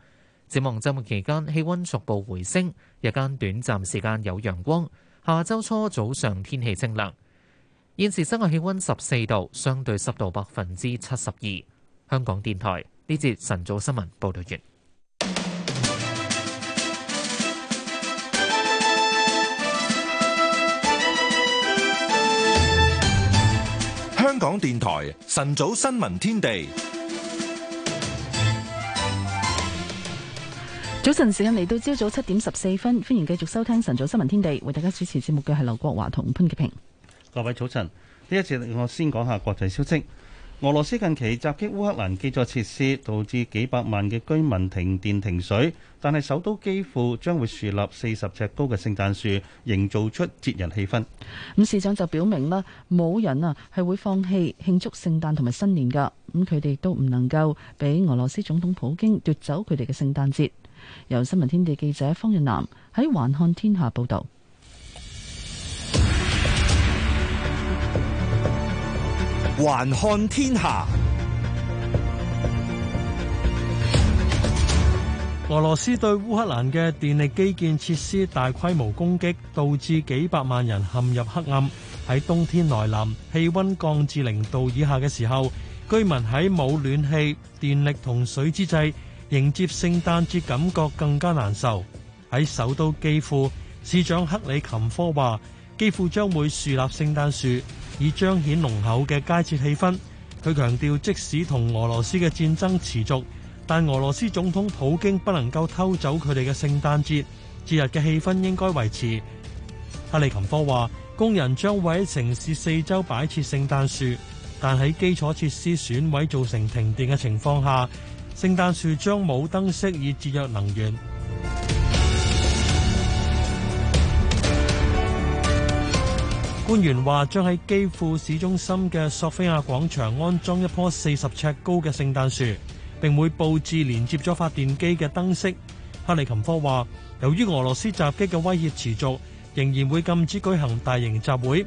展望週末期間氣溫逐步回升，日間短暫時間有陽光。下週初早上天氣清涼。現時室外氣溫十四度，相對濕度百分之七十二。香港電台呢節晨早新聞報道完。香港電台晨早新聞天地。早晨時間嚟到朝早七點十四分，歡迎繼續收聽晨早新聞天地，為大家主持節目嘅係劉國華同潘潔平。各位早晨，呢一次我先講下國際消息。俄羅斯近期襲擊烏克蘭基礎設施，導致幾百萬嘅居民停電停水。但係首都基輔將會樹立四十尺高嘅聖誕樹，營造出節日氣氛。咁市長就表明啦，冇人啊係會放棄慶祝聖誕同埋新年噶。咁佢哋亦都唔能夠俾俄羅斯總統普京奪走佢哋嘅聖誕節。由新聞天地記者方日南喺環看天下報道。還看天下，俄羅斯對烏克蘭嘅電力基建設施大規模攻擊，導致幾百萬人陷入黑暗。喺冬天來臨、氣溫降至零度以下嘅時候，居民喺冇暖氣、電力同水之際迎接聖誕節感覺更加難受。喺首都基輔，市長克里琴科話。幾乎將會樹立聖誕樹，以彰顯濃厚嘅佳節氣氛。佢強調，即使同俄羅斯嘅戰爭持續，但俄羅斯總統普京不能夠偷走佢哋嘅聖誕節，節日嘅氣氛應該維持。哈利琴科話，工人將會喺城市四周擺設聖誕樹，但喺基礎設施損毀造成停電嘅情況下，聖誕樹將冇燈飾以節約能源。官員話將喺基輔市中心嘅索菲亞廣場安裝一棵四十尺高嘅聖誕樹，並會佈置連接咗發電機嘅燈飾。克里琴科話：由於俄羅斯襲擊嘅威脅持續，仍然會禁止舉行大型集會。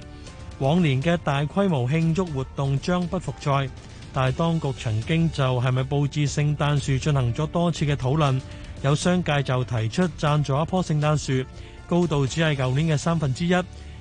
往年嘅大規模慶祝活動將不復再。但係當局曾經就係咪佈置聖誕樹進行咗多次嘅討論，有商界就提出贊助一棵聖誕樹，高度只係舊年嘅三分之一。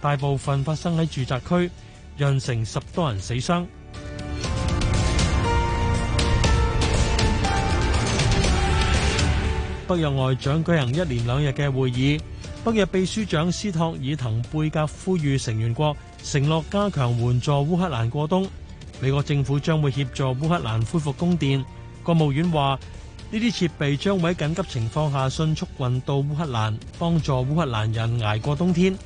大部分發生喺住宅區，釀成十多人死傷。北約外長舉行一連兩日嘅會議，北約秘書長斯托爾滕貝格呼籲成員國承諾加強援助烏克蘭過冬。美國政府將會協助烏克蘭恢復供電，國務院話呢啲設備將會喺緊急情況下迅速運到烏克蘭，幫助烏克蘭人捱過冬天。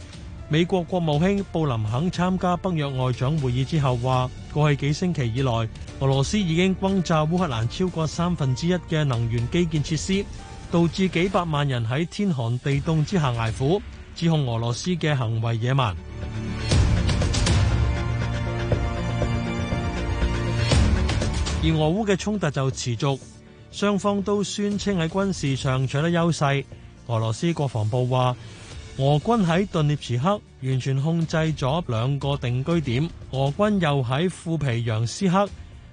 美國國務卿布林肯參加北約外長會議之後話：過去幾星期以來，俄羅斯已經轟炸烏克蘭超過三分之一嘅能源基建設施，導致幾百萬人喺天寒地凍之下捱苦，指控俄羅斯嘅行為野蠻。而俄烏嘅衝突就持續，雙方都宣稱喺軍事上取得優勢。俄羅斯國防部話：俄軍喺頓涅茨克完全控制咗兩個定居點，俄軍又喺庫皮揚斯克、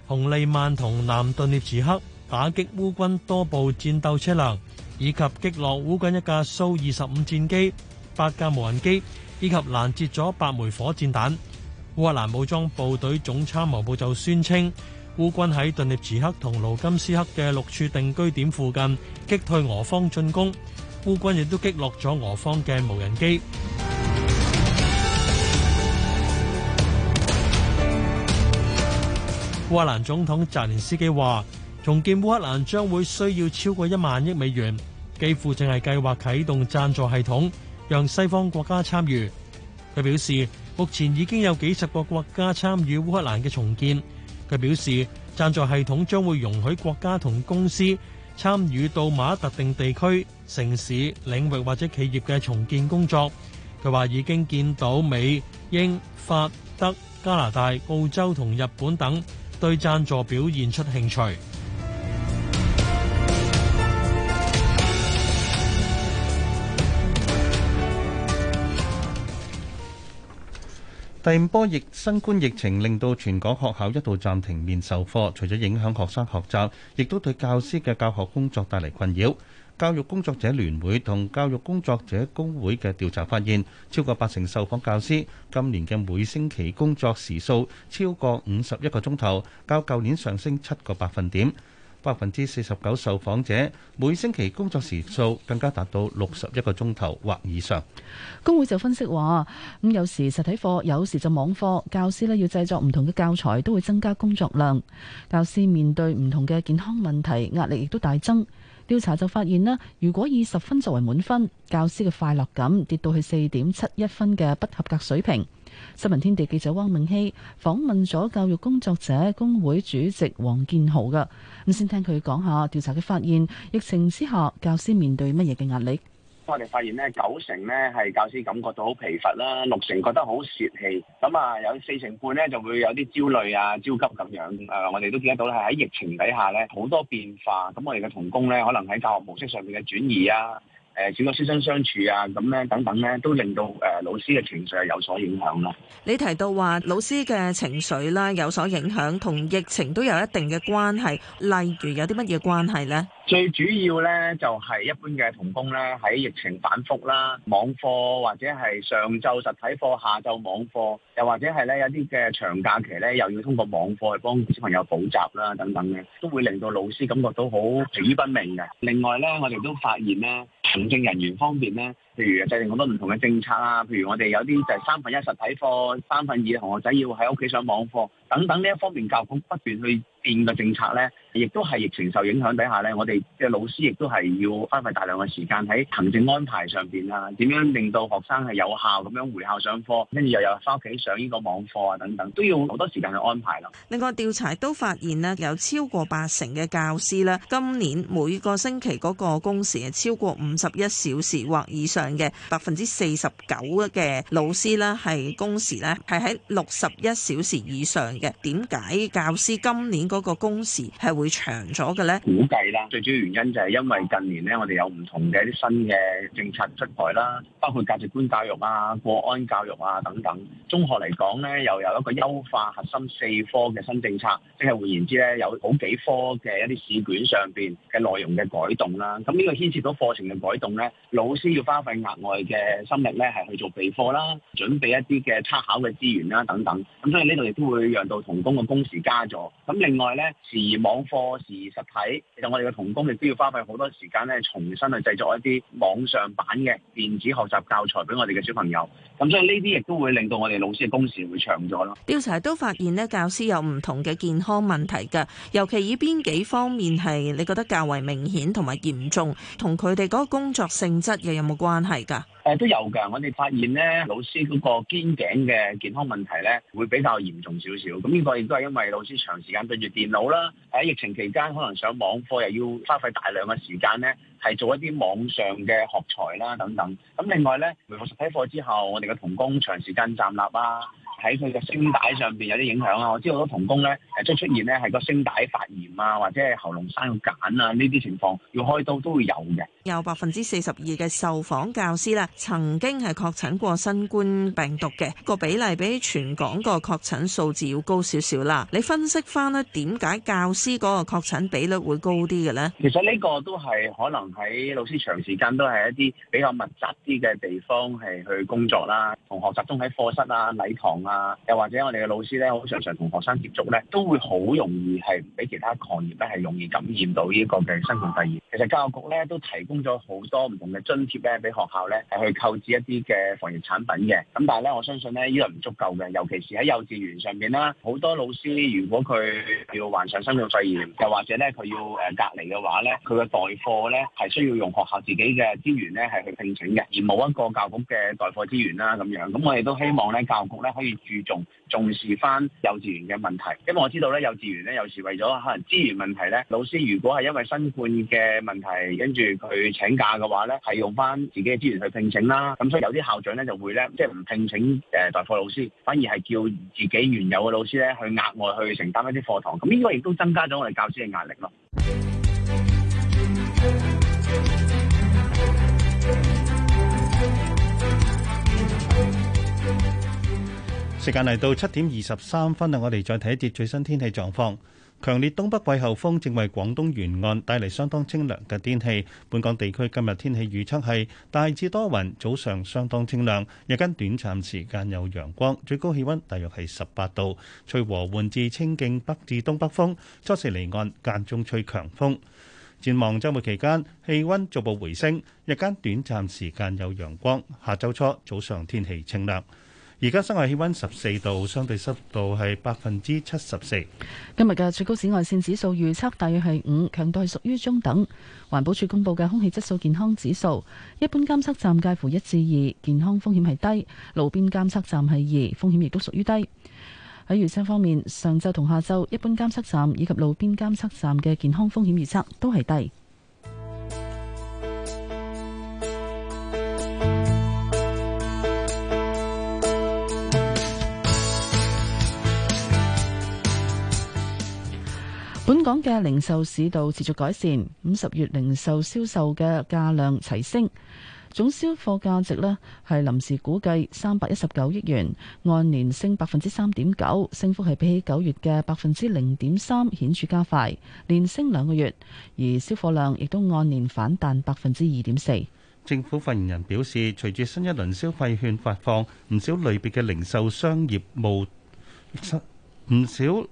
紅利曼同南頓涅茨克打擊烏軍多部戰鬥車輛，以及擊落烏軍一架蘇二十五戰機、八架無人機，以及攔截咗八枚火箭彈。烏克蘭武裝部隊總參謀部就宣稱，烏軍喺頓涅茨克同盧甘斯克嘅六處定居點附近擊退俄方進攻。烏軍亦都擊落咗俄方嘅無人機。烏克蘭總統澤連斯基話，重建烏克蘭將會需要超過一萬億美元，幾乎淨係計劃啟動贊助系統，讓西方國家參與。佢表示，目前已經有幾十個國家參與烏克蘭嘅重建。佢表示，贊助系統將會容許國家同公司。參與到某特定地區、城市、領域或者企業嘅重建工作，佢話已經見到美、英、法、德、加拿大、澳洲同日本等對贊助表現出興趣。第五波疫新冠疫情令到全港學校一度暫停面授課，除咗影響學生學習，亦都對教師嘅教學工作帶嚟困擾。教育工作者聯會同教育工作者工會嘅調查發現，超過八成受訪教師今年嘅每星期工作時數超過五十一個鐘頭，較舊年上升七個百分點。百分之四十九受訪者每星期工作時數更加達到六十一個鐘頭或以上。工會就分析話，咁有時實體課，有時就網課，教師咧要製作唔同嘅教材，都會增加工作量。教師面對唔同嘅健康問題，壓力亦都大增。調查就發現咧，如果以十分作為滿分，教師嘅快樂感跌到去四點七一分嘅不合格水平。新聞天地記者汪明希訪問咗教育工作者工會主席黃建豪嘅，咁先聽佢講下調查嘅發現。疫情之下，教師面對乜嘢嘅壓力？我哋發現呢九成呢係教師感覺到好疲乏啦，六成覺得好泄氣，咁啊有四成半呢就會有啲焦慮啊、焦急咁樣。誒，我哋都見得到係喺疫情底下咧好多變化。咁我哋嘅同工咧可能喺教學模式上面嘅轉移啊。誒，小學師生相處啊，咁咧等等咧，都令到誒老師嘅情緒係有所影響啦。你提到話老師嘅情緒咧有所影響，同疫情都有一定嘅關係。例如有啲乜嘢關係咧？最主要咧就係一般嘅同工咧喺疫情反覆啦，網課或者係上晝實體課，下晝網課，又或者係咧有啲嘅長假期咧，又要通過網課去幫小朋友補習啦，等等嘅，都會令到老師感覺到好疲於奔命嘅。另外咧，我哋都發現咧。行政人員方面呢？ 譬如制定好多唔同嘅政策啊，譬如我哋有啲就係三分一實體課，三分二同學仔要喺屋企上網課等等呢。一方面教育局不斷去變嘅政策咧，亦都係疫情受影響底下咧，我哋嘅老師亦都係要花費大量嘅時間喺行政安排上邊啊，點樣令到學生係有效咁樣回校上課，跟住又又翻屋企上呢個網課啊，等等都要好多時間去安排咯。另外調查都發現咧，有超過八成嘅教師咧，今年每個星期嗰個工時係超過五十一小時或以上。嘅百分之四十九嘅老師咧，係工時咧係喺六十一小時以上嘅。點解教師今年嗰個工時係會長咗嘅咧？估計啦，最主要原因就係因為近年咧，我哋有唔同嘅一啲新嘅政策出台啦，包括價值觀教育啊、國安教育啊，等等。中學嚟講咧，又有一個優化核心四科嘅新政策，即係換言之咧，有好幾科嘅一啲試卷上邊嘅內容嘅改動啦。咁呢個牽涉到課程嘅改動咧，老師要花費。額外嘅心力咧，係去做備課啦，準備一啲嘅測考嘅資源啦，等等。咁所以呢度亦都會讓到同工嘅工時加咗。咁另外咧，時而網課時而實體，其實我哋嘅同工亦都要花費好多時間咧，重新去製作一啲網上版嘅電子學習教材俾我哋嘅小朋友。咁所以呢啲亦都會令到我哋老師嘅工時會長咗咯。調查都發現呢，教師有唔同嘅健康問題嘅，尤其以邊幾方面係你覺得較為明顯同埋嚴重，同佢哋嗰個工作性質又有冇關係？係噶，誒都有噶。我哋發現咧，老師嗰個肩頸嘅健康問題咧，會比較嚴重少少。咁呢個亦都係因為老師長時間對住電腦啦，喺疫情期間可能上網課又要花費大量嘅時間咧，係做一啲網上嘅學材啦等等。咁另外咧，回復實體課之後，我哋嘅童工長時間站立啊，喺佢嘅聲帶上邊有啲影響啊。我知道好多童工咧，即係出現咧係個聲帶發炎啊，或者係喉嚨生個繭啊，呢啲情況要開刀都會有嘅。有百分之四十二嘅受訪教師咧，曾經係確診過新冠病毒嘅，個比例比全港個確診數字要高少少啦。你分析翻咧，點解教師嗰個確診比率會高啲嘅咧？其實呢個都係可能喺老師長時間都係一啲比較密集啲嘅地方係去工作啦，同學集中喺課室啊、禮堂啊，又或者我哋嘅老師咧，好常常同學生接觸咧，都會好容易係俾其他行業咧係容易感染到呢個嘅新冠肺炎。其實教育局咧都提供咗好多唔同嘅津貼咧，俾學校咧係去購置一啲嘅防疫產品嘅。咁但係咧，我相信咧呢個唔足夠嘅，尤其是喺幼稚園上邊啦，好多老師如果佢要患上新型肺炎，又或者咧佢要誒隔離嘅話咧，佢嘅代課咧係需要用學校自己嘅資源咧係去聘請嘅，而冇一個教局嘅代課資源啦咁樣。咁我哋都希望咧教局咧可以注重。重視翻幼稚園嘅問題，因為我知道咧幼稚園咧有時為咗可能資源問題咧，老師如果係因為新冠嘅問題跟住佢請假嘅話咧，係用翻自己嘅資源去聘請啦。咁所以有啲校長咧就會咧即係唔聘請誒代課老師，反而係叫自己原有嘅老師咧去額外去承擔一啲課堂。咁呢個亦都增加咗我哋教師嘅壓力咯。時間嚟到七點二十三分啦，我哋再睇一節最新天氣狀況。強烈東北季候風正為廣東沿岸帶嚟相當清涼嘅天氣。本港地區今日天氣預測係大致多雲，早上相當清涼，日間短暫時間有陽光，最高氣溫大約係十八度，吹和緩至清勁北至東北風，初時離岸間中吹強風。展望周末期間，氣溫逐步回升，日間短暫時間有陽光。下周初早上天氣清涼。而家室外氣溫十四度，相對濕度係百分之七十四。今日嘅最高紫外線指數預測大約係五，強度係屬於中等。環保署公布嘅空氣質素健康指數，一般監測站介乎一至二，健康風險係低；路邊監測站係二，風險亦都屬於低。喺預測方面，上晝同下晝，一般監測站以及路邊監測站嘅健康風險預測都係低。本港嘅零售市道持續改善，咁十月零售銷售嘅價量齊升，總銷貨價值呢係臨時估計三百一十九億元，按年升百分之三點九，升幅係比起九月嘅百分之零點三顯著加快，連升兩個月，而銷貨量亦都按年反彈百分之二點四。政府發言人表示，隨住新一輪消費券發放，唔少類別嘅零售商業務，唔少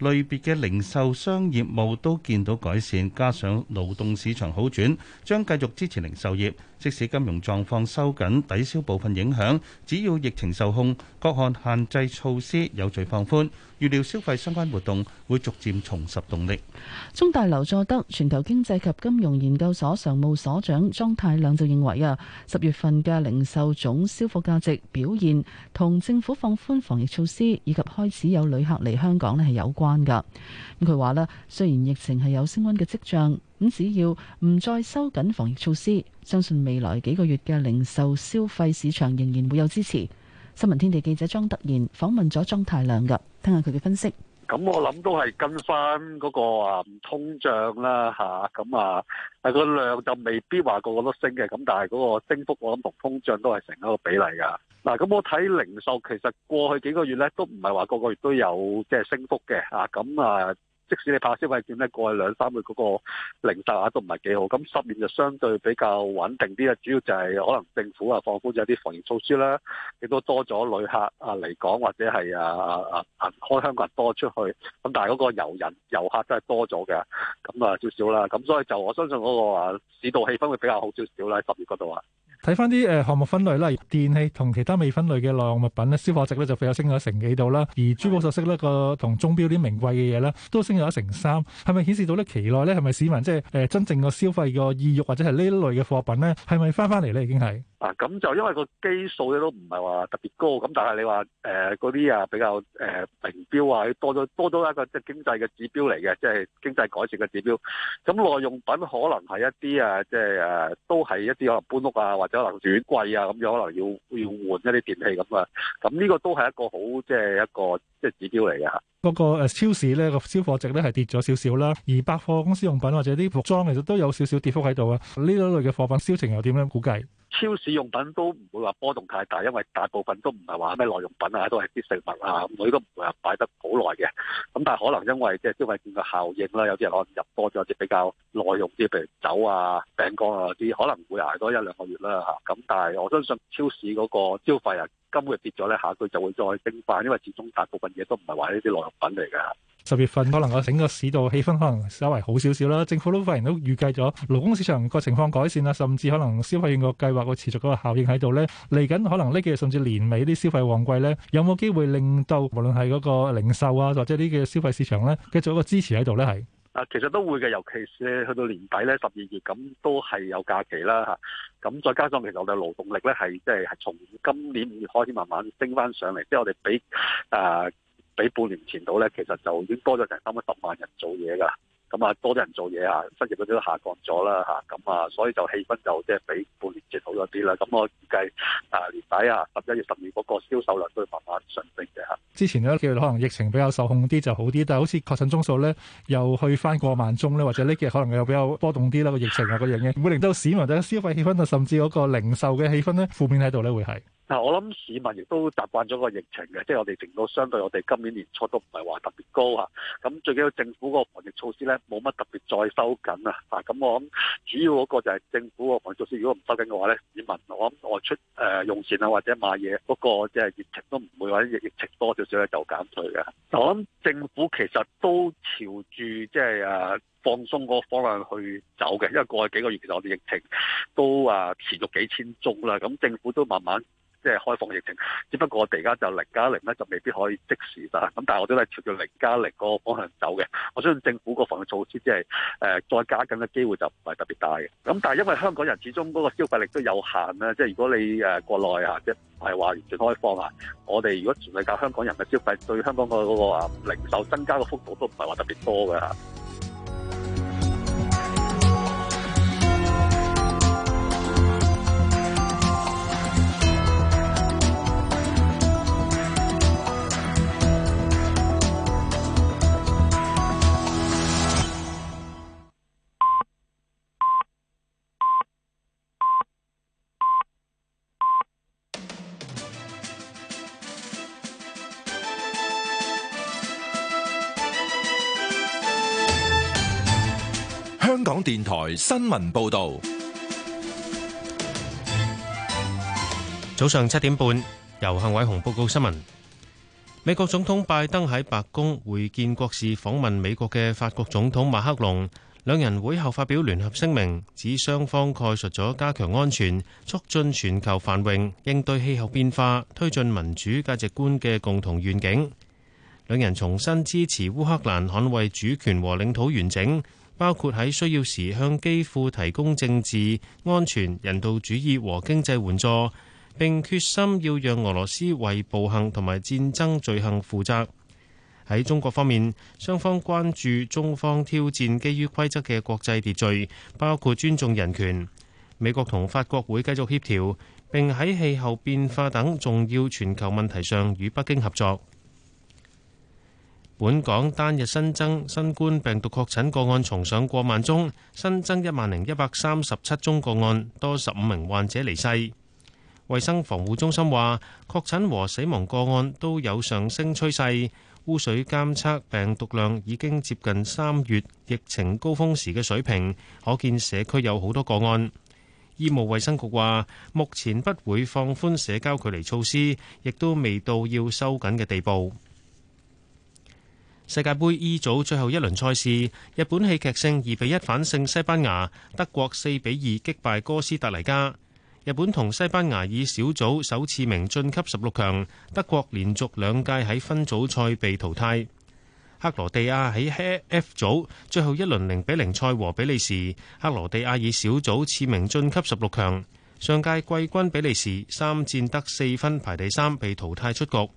類別嘅零售商業務都見到改善，加上勞動市場好轉，將繼續支持零售業。即使金融狀況收緊抵消部分影響，只要疫情受控，各項限制措施有序放寬，預料消費相關活動會逐漸重拾動力。中大劉佐德全球經濟及金融研究所常務所長莊太量就認為啊，十月份嘅零售總消費價值表現同政府放寬防疫措施以及開始有旅客嚟香港咧係有關噶，咁佢話咧，雖然疫情係有升温嘅跡象。咁只要唔再收緊防疫措施，相信未來幾個月嘅零售消費市場仍然會有支持。新聞天地記者莊德賢訪問咗莊太亮噶，聽下佢嘅分析。咁我諗都係跟翻嗰個啊唔通脹啦吓，咁啊，但、啊那個量就未必話個個都升嘅，咁但係嗰個升幅我諗同通脹都係成一個比例噶。嗱、啊，咁我睇零售其實過去幾個月咧都唔係話個個月都有即係升幅嘅啊，咁啊。即使你怕消費券咧，過去兩三個月嗰個零售額都唔係幾好，咁十月就相對比較穩定啲啦。主要就係可能政府啊放寬咗啲防疫措施啦，亦都多咗旅客啊嚟講，或者係啊啊啊開香港人多出去，咁但係嗰個遊人遊客真係多咗嘅，咁啊少少啦。咁所以就我相信嗰個啊市道氣氛會比較好少少啦，喺十月嗰度啊。睇翻啲誒項目分類啦，電器同其他未分類嘅耐用物品咧，消化值咧就比較升咗成幾度啦。而珠寶首飾咧個同鐘錶啲名貴嘅嘢咧，都升咗成三，係咪顯示到咧期內咧係咪市民即係誒真正嘅消費個意欲或者係呢類嘅貨品咧係咪翻翻嚟咧已經係？啊，咁就因為個基數咧都唔係話特別高，咁但係你話誒嗰啲啊比較誒、呃、名標啊，多咗多咗一個即係經濟嘅指標嚟嘅，即、就、係、是、經濟改善嘅指標。咁耐用品可能係一啲啊，即係誒都係一啲可能搬屋啊，或者可能轉季啊咁樣，可能要要換一啲電器咁啊。咁呢個都係一個好即係、就是、一個即係指標嚟嘅。嗰個超市咧個銷貨值咧係跌咗少少啦，而百貨公司用品或者啲服裝其實都有少少跌幅喺度啊。呢一類嘅貨品銷情又點咧？估計超市用品都唔會話波動太大，因為大部分都唔係話咩耐用品啊，都係啲食物啊，佢都唔會話擺得好耐嘅。咁但係可能因為即係消費券嘅效應啦，有啲人可能入多咗啲比較耐用啲，譬如酒啊、餅乾啊啲，可能會捱多一兩個月啦嚇。咁但係我相信超市嗰個消費啊。今日跌咗咧，下個月就會再升翻，因為始終大部分嘢都唔係話呢啲耐用品嚟㗎。十月份可能個整個市道氣氛可能稍微好少少啦。政府都發人都預計咗勞工市場個情況改善啦，甚至可能消費員個計劃個持續嗰個效應喺度咧。嚟緊可能呢幾日甚至年尾啲消費旺季咧，有冇機會令到無論係嗰個零售啊或者啲嘅消費市場咧，繼續一個支持喺度咧？係。啊，其實都會嘅，尤其是去到年底咧，十二月咁都係有假期啦嚇。咁再加上其實我哋勞動力咧係即係從今年五月開始慢慢升返上嚟，即係我哋比啊、呃、比半年前度咧，其實就已經多咗成三十萬人做嘢噶啦。咁啊，多啲人做嘢啊，失業率嗰啲都下降咗啦嚇，咁啊，所以就氣氛就即係比半年前好咗啲啦。咁、啊、我估計啊年底啊十一月十二月嗰個銷售量都會慢慢上升嘅嚇。啊、之前呢，佢可能疫情比較受控啲就好啲，但係好似確診宗數咧又去翻過，過萬宗咧，或者呢幾日可能又比較波動啲啦。個、啊、疫情啊嗰樣嘢唔會令到市民嘅消費氣氛啊，甚至嗰個零售嘅氣氛咧負面喺度咧，會係。嗱，我諗市民亦都習慣咗個疫情嘅，即係我哋成個相對我哋今年年初都唔係話特別高啊。咁最緊要政府個防疫措施咧，冇乜特別再收緊啊。嚇，咁我諗主要嗰個就係政府個防疫措施，如果唔收緊嘅話咧，市民我諗外出誒用膳啊或者買嘢嗰個即係疫情都唔會話疫情多少少咧就減退嘅。我諗政府其實都朝住即係誒放鬆個方向去走嘅，因為過去幾個月其實我哋疫情都啊持續幾千宗啦，咁政府都慢慢。即係開放疫情，只不過我哋而家就零加零咧，就未必可以即時啦。咁但係我都係朝住零加零個方向走嘅。我相信政府個防疫措施即係誒再加緊嘅機會就唔係特別大嘅。咁但係因為香港人始終嗰個消費力都有限啦，即係如果你誒國內啊，即係唔係話完全開放啊，我哋如果全世界香港人嘅消費對香港個嗰個啊零售增加嘅幅度都唔係話特別多嘅。香港電台新聞報道，早上七點半，由幸偉雄報告新聞。美國總統拜登喺白宮會見國事訪問美國嘅法國總統馬克龍，兩人會後發表聯合聲明，指雙方概述咗加強安全、促進全球繁榮、應對氣候變化、推進民主價值觀嘅共同願景。兩人重新支持烏克蘭捍衛主權和領土完整。包括喺需要時向基庫提供政治、安全、人道主義和經濟援助，並決心要讓俄羅斯為暴行同埋戰爭罪行負責。喺中國方面，雙方關注中方挑戰基於規則嘅國際秩序，包括尊重人權。美國同法國會繼續協調，並喺氣候變化等重要全球問題上與北京合作。本港單日新增新冠病毒確診個案重上過萬宗，新增一萬零一百三十七宗個案，多十五名患者離世。衛生防護中心話，確診和死亡個案都有上升趨勢，污水監測病毒量已經接近三月疫情高峰時嘅水平，可見社區有好多個案。醫務衛生局話，目前不會放寬社交距離措施，亦都未到要收緊嘅地步。世界杯 E 組最後一輪賽事，日本戲劇性二比一反勝西班牙，德國四比二擊敗哥斯達黎加。日本同西班牙以小組首次名晉級十六強，德國連續兩屆喺分組賽被淘汰。克羅地亞喺 F 組最後一輪零比零賽和比利時，克羅地亞以小組次名晉級十六強。上屆季軍比利時三戰得四分排第三被淘汰出局。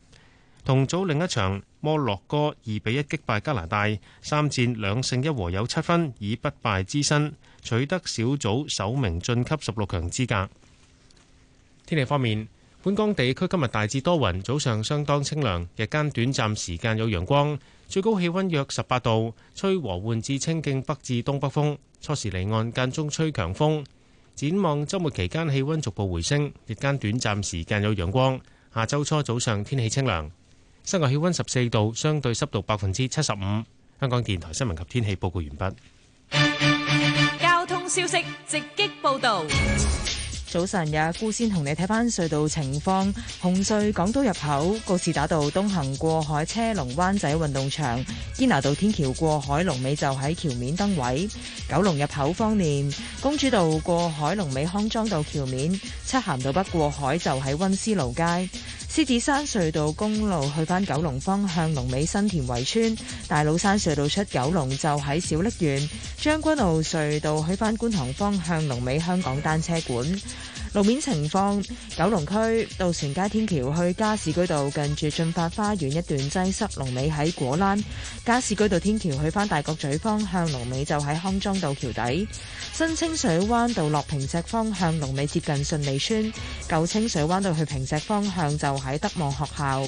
同組另一場摩洛哥二比一擊敗加拿大，三戰兩勝一和，有七分，以不敗之身取得小組首名，晉級十六強資格。天氣方面，本港地區今日大致多雲，早上相當清涼，日間短暫時間有陽光，最高氣溫約十八度，吹和緩至清勁北至東北風，初時離岸間中吹強風。展望週末期間氣溫逐步回升，日間短暫時間有陽光，下週初早上天氣清涼。室外氣溫十四度，相對濕度百分之七十五。香港電台新聞及天氣報告完畢。交通消息，直擊報道。早晨，日姑先同你睇翻隧道情況。紅隧港島入口告士打道東行過海車龍，灣仔運動場堅拿道天橋過海龍尾就喺橋面燈位。九龍入口方面，公主道過海龍尾康莊道橋面，漆咸道北過海就喺溫思勞街。獅子山隧道公路去返九龍方向，龍尾新田圍村；大老山隧道出九龍就喺小瀝源；將軍澳隧道去返觀塘方向，龍尾香港單車館。路面情況，九龍區渡船街天橋去加士居道近住駿發花園一段擠塞，龍尾喺果欄；加士居道天橋去返大角咀方向，龍尾就喺康莊道橋底；新清水灣道落坪石方向，龍尾接近順利邨；舊清水灣道去坪石方向，就喺德望學校。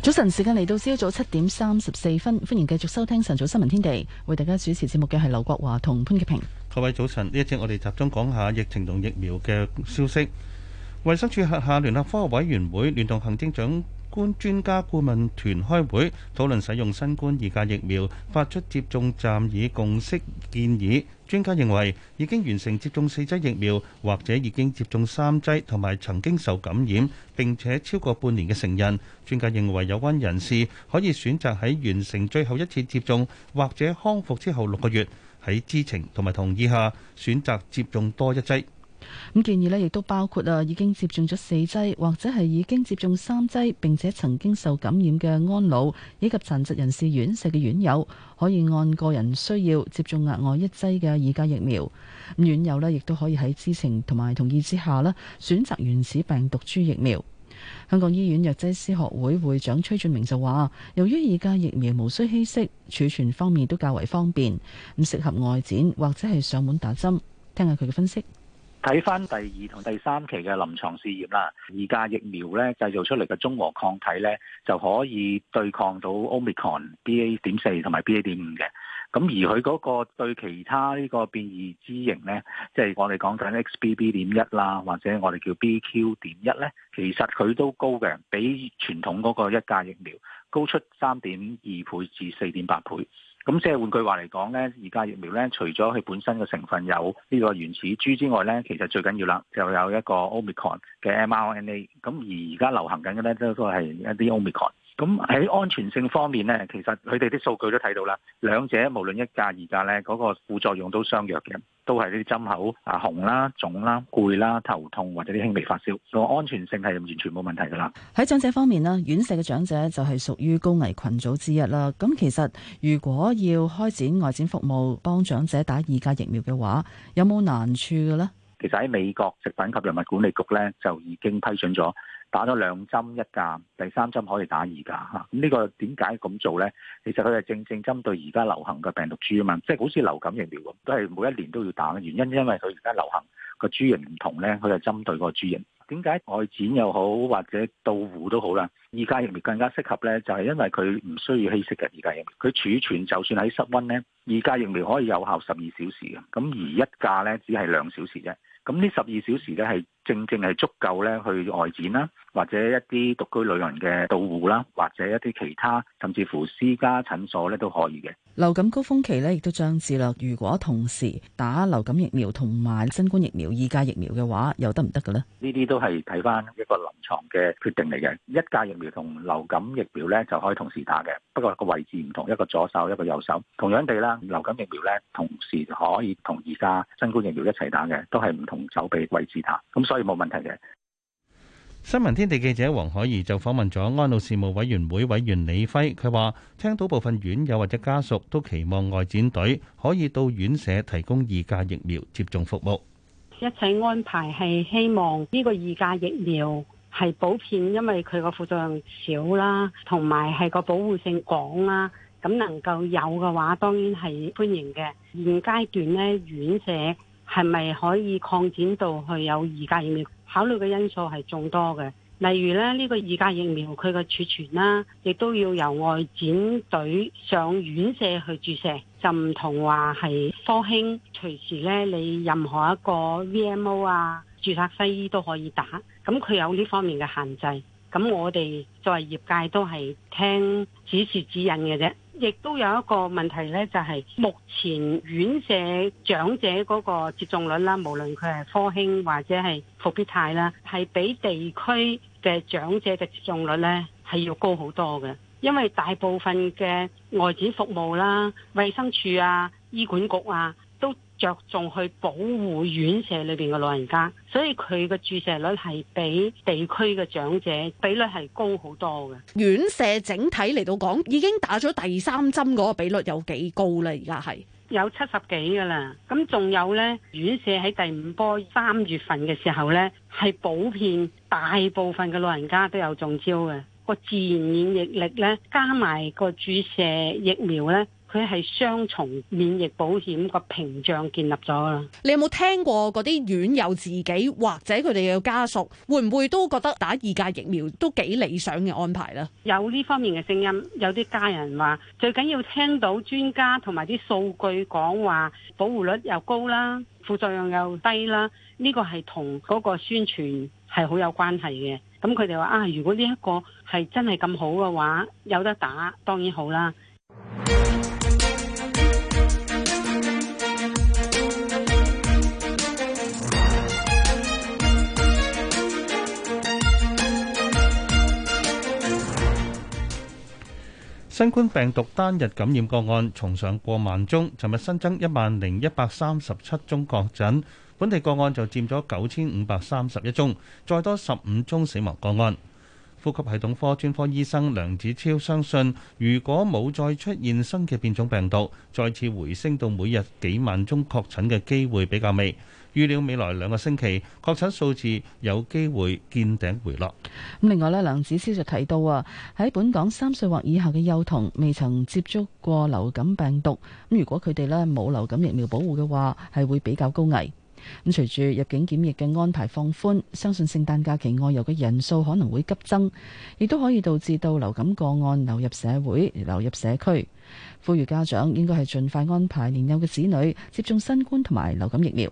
早晨，時間嚟到朝早七點三十四分，歡迎繼續收聽晨早新聞天地。為大家主持節目嘅係劉國華同潘潔平。各位早晨，呢一節我哋集中講下疫情同疫苗嘅消息。衛生署轄下聯合科學委員會聯同行政長官專家顧問團開會，討論使用新冠二價疫苗，發出接種暫擬共識建議。專家認為，已經完成接種四劑疫苗，或者已經接種三劑，同埋曾經受感染，並且超過半年嘅成人。專家認為有關人士可以選擇喺完成最後一次接種，或者康復之後六個月，喺知情同埋同意下，選擇接種多一劑。咁建議呢亦都包括啊，已經接種咗四劑或者係已經接種三劑並且曾經受感染嘅安老以及殘疾人士院舍嘅院,院友，可以按個人需要接種額外一劑嘅二價疫苗。咁院友呢亦都可以喺知情同埋同意之下呢，選擇原始病毒株疫苗。香港醫院藥劑師學會會,會長崔俊明就話，由於二價疫苗無需稀釋，儲存方面都較為方便，咁適合外展或者係上門打針。聽下佢嘅分析。睇翻第二同第三期嘅臨床試驗啦，二價疫苗咧製造出嚟嘅中和抗體咧就可以對抗到 Omicron BA. 點四同埋 BA. 點五嘅，咁而佢嗰個對其他呢個變異株型咧，即係我哋講緊 XBB. 點一啦，或者我哋叫 BQ. 點一咧，其實佢都高嘅，比傳統嗰個一價疫苗高出三點二倍至四點八倍。咁即係換句話嚟講咧，而家疫苗咧，除咗佢本身嘅成分有呢個原始株之外咧，其實最緊要啦，就有一個 Omicron 嘅 mRNA。咁而而家流行緊嘅咧，都都係一啲 Omicron。咁喺安全性方面呢，其實佢哋啲數據都睇到啦。兩者無論一價二價呢，嗰個副作用都相若嘅，都係啲針口啊紅啦、腫啦、攰啦、頭痛或者啲輕微發燒。所以安全性係完全冇問題噶啦。喺長者方面呢，院舍嘅長者就係屬於高危群組之一啦。咁其實如果要開展外展服務幫長者打二價疫苗嘅話，有冇難處嘅呢？其實喺美國食品及藥物管理局咧，就已經批准咗打咗兩針一價，第三針可以打二價嚇。咁、啊這個、呢個點解咁做咧？其實佢係正正針對而家流行嘅病毒株啊嘛，即、就、係、是、好似流感疫苗咁，都係每一年都要打嘅。原因因為佢而家流行個株型唔同咧，佢就針對個株型。點解外展又好或者到戶都好啦？二價疫苗更加適合咧，就係、是、因為佢唔需要稀釋嘅二價疫苗。佢儲存就算喺室溫咧，二價疫苗可以有效十二小時嘅，咁而一價咧只係兩小時啫。咁呢十二小時呢係，正正係足夠咧去外展啦，或者一啲獨居老人嘅到戶啦，或者一啲其他，甚至乎私家診所咧都可以嘅。流感高峰期咧，亦都將至啦。如果同時打流感疫苗同埋新冠疫苗二價疫苗嘅話，又得唔得嘅呢？呢啲都係睇翻一個臨床嘅決定嚟嘅。一價疫苗同流感疫苗咧就可以同時打嘅，不過個位置唔同，一個左手，一個右手。同樣地咧，流感疫苗咧同時可以同而家新冠疫苗一齊打嘅，都係唔同手臂位置打。咁所以佢冇問題嘅。新聞天地記者黃海怡就訪問咗安老事務委員會委員李輝，佢話聽到部分院友或者家屬都期望外展隊可以到院舍提供二價疫苗接種服務。一切安排係希望呢個二價疫苗係普遍，因為佢個副作用少啦，同埋係個保護性廣啦。咁能夠有嘅話當然係歡迎嘅。現階段咧，院舍。係咪可以擴展到去有二價疫苗？考慮嘅因素係眾多嘅，例如咧，呢個二價疫苗佢嘅儲存啦，亦都要由外展隊上院舍去注射，就唔同話係科興隨時咧，你任何一個 VMO 啊註冊西醫都可以打，咁佢有呢方面嘅限制。咁我哋作為業界都係聽指示指引嘅啫。亦都有一個問題呢，就係目前院舍長者嗰個接種率啦，無論佢係科興或者係復必泰啦，係比地區嘅長者嘅接種率呢係要高好多嘅，因為大部分嘅外展服務啦、衛生署啊、醫管局啊，着重去保護院舍裏邊嘅老人家，所以佢嘅注射率係比地區嘅長者比率係高好多嘅。院舍整體嚟到講，已經打咗第三針嗰個比率有幾高啦？而家係有七十幾嘅啦。咁仲有咧，院舍喺第五波三月份嘅時候咧，係普遍大部分嘅老人家都有中招嘅。個自然免疫力咧，加埋個注射疫苗咧。佢係雙重免疫保險個屏障建立咗啦。你有冇聽過嗰啲院友自己或者佢哋嘅家屬，會唔會都覺得打二價疫苗都幾理想嘅安排咧？有呢方面嘅聲音，有啲家人話：最緊要聽到專家同埋啲數據講話，保護率又高啦，副作用又低啦。呢個係同嗰個宣傳係好有關係嘅。咁佢哋話啊，如果呢一個係真係咁好嘅話，有得打當然好啦。 新冠病毒單日感染個案重上過萬宗，尋日新增一萬零一百三十七宗確診，本地個案就佔咗九千五百三十一宗，再多十五宗死亡個案。呼吸系統科專科醫生梁子超相信，如果冇再出現新嘅變種病毒，再次回升到每日幾萬宗確診嘅機會比較微。預料未來兩個星期確診數字有機會見頂回落。咁另外咧，梁子超就提到啊，喺本港三歲或以下嘅幼童未曾接觸過流感病毒，咁如果佢哋咧冇流感疫苗保護嘅話，係會比較高危。咁隨住入境檢疫嘅安排放寬，相信聖誕假期外遊嘅人數可能會急增，亦都可以導致到流感個案流入社會、流入社區。呼籲家長應該係盡快安排年幼嘅子女接種新冠同埋流感疫苗。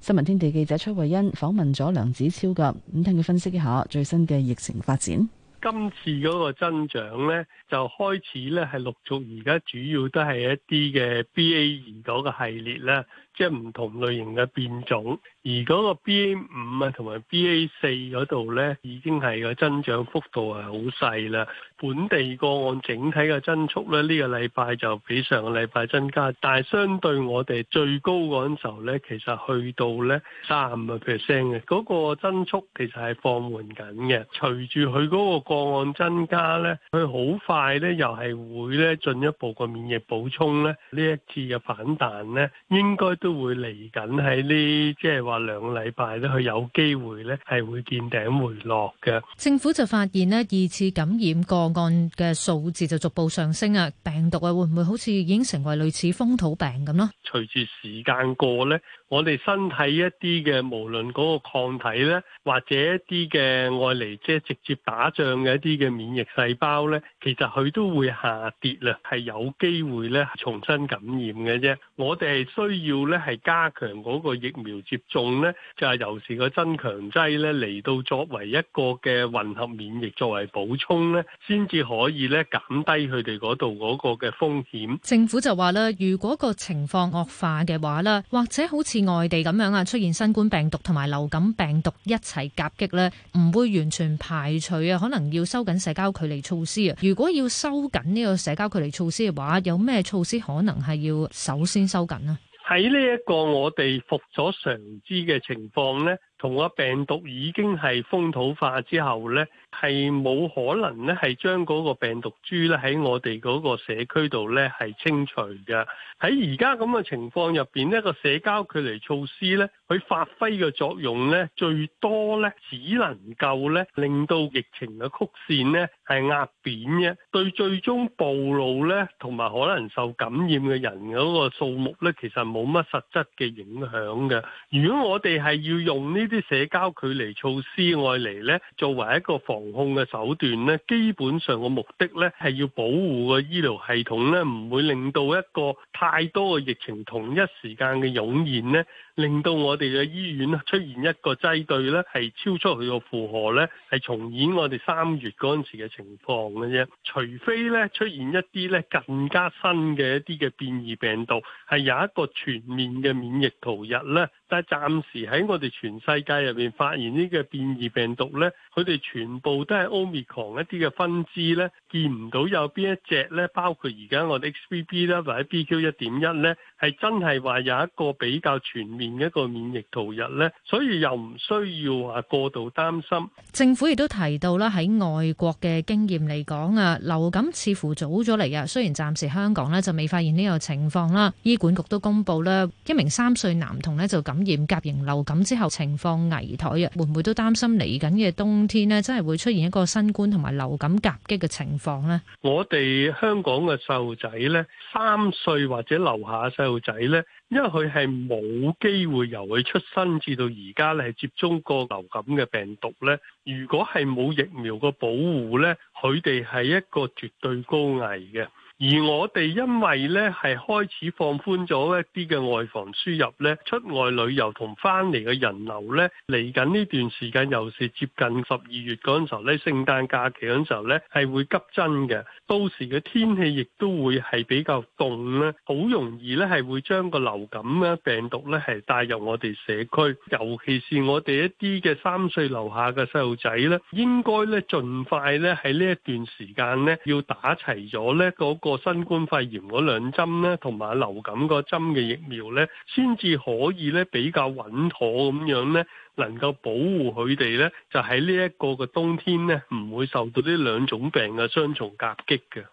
新聞天地記者崔慧恩訪問咗梁子超噶，咁聽佢分析一下最新嘅疫情發展。今次嗰個增長咧，就開始咧係陸續而家主要都係一啲嘅 BA 二嗰個系列啦，即係唔同類型嘅變種。而嗰個 BA 五啊，同埋 BA 四嗰度咧，已經係個增長幅度係好細啦。本地個案整體嘅增速咧，呢個禮拜就比上個禮拜增加，但係相對我哋最高嗰陣時候咧，其實去到咧三啊 percent 嘅個增速，其實係放緩緊嘅。隨住佢嗰個個案增加咧，佢好快咧又係會咧進一步個免疫補充咧，呢一次嘅反彈咧，應該都會嚟緊，喺呢，即係話話兩禮拜咧，佢有機會咧係會見頂回落嘅。政府就發現咧，二次感染個案嘅數字就逐步上升啊，病毒啊會唔會好似已經成為類似風土病咁咯？隨住時間過咧，我哋身體一啲嘅無論嗰個抗體咧，或者一啲嘅外嚟，即係直接打仗嘅一啲嘅免疫細胞咧，其實佢都會下跌啦，係有機會咧重新感染嘅啫。我哋係需要咧係加強嗰個疫苗接種。用咧就係由時個增強劑咧嚟到作為一個嘅混合免疫作為補充咧，先至可以咧減低佢哋嗰度嗰個嘅風險。政府就話咧，如果個情況惡化嘅話咧，或者好似外地咁樣啊，出現新冠病毒同埋流感病毒一齊夾擊呢，唔會完全排除啊，可能要收緊社交距離措施啊。如果要收緊呢個社交距離措施嘅話，有咩措施可能係要首先收緊啊？喺呢一個我哋復咗常知嘅情況咧。同啊病毒已經係風土化之後咧，係冇可能咧係將嗰個病毒株咧喺我哋嗰個社區度咧係清除嘅。喺而家咁嘅情況入邊咧，個社交距離措施咧，佢發揮嘅作用咧，最多咧只能夠咧令到疫情嘅曲線咧係壓扁嘅，對最終暴露咧同埋可能受感染嘅人嗰個數目咧，其實冇乜實質嘅影響嘅。如果我哋係要用呢啲。啲社交距離措施外嚟咧，作為一個防控嘅手段咧，基本上嘅目的咧，係要保護個醫療系統咧，唔會令到一個太多嘅疫情同一時間嘅湧現咧，令到我哋嘅醫院出現一個擠兌咧，係超出佢個負荷咧，係重演我哋三月嗰陣時嘅情況嘅啫。除非咧出現一啲咧更加新嘅一啲嘅變異病毒，係有一個全面嘅免疫逃逸咧。但係暫時喺我哋全世界入邊發現呢個變異病毒咧，佢哋全部都係 Omicron 一啲嘅分支咧，見唔到有邊一隻咧，包括而家我哋 XBB 啦，或者 BQ 一點一咧，係真係話有一個比較全面，一個免疫逃逸呢，所以又唔需要話過度擔心。政府亦都提到啦，喺外國嘅經驗嚟講啊，流感似乎早咗嚟啊。雖然暫時香港呢就未發現呢個情況啦，醫管局都公布啦，一名三歲男童呢就感染甲型流感之後情況危殆啊。會唔會都擔心嚟緊嘅冬天呢，真係會出現一個新冠同埋流感夾擊嘅情況呢？我哋香港嘅細路仔呢，三歲或者樓下細路仔呢。因為佢係冇機會由佢出生至到而家咧，係接種過流感嘅病毒咧。如果係冇疫苗個保護咧，佢哋係一個絕對高危嘅。而我哋因為咧係開始放寬咗一啲嘅外防輸入咧，出外旅遊同翻嚟嘅人流咧，嚟緊呢段時間又是接近十二月嗰陣時候咧，聖誕假期嗰陣時候咧係會急增嘅。到時嘅天氣亦都會係比較凍咧，好容易咧係會將個流感咧病毒咧係帶入我哋社區，尤其是我哋一啲嘅三歲樓下嘅細路仔咧，應該咧盡快咧喺呢一段時間咧要打齊咗呢個。個新冠肺炎嗰兩針咧，同埋流感嗰針嘅疫苗咧，先至可以咧比較穩妥咁樣咧，能夠保護佢哋咧，就喺呢一個嘅冬天咧，唔會受到呢兩種病嘅雙重夾擊嘅。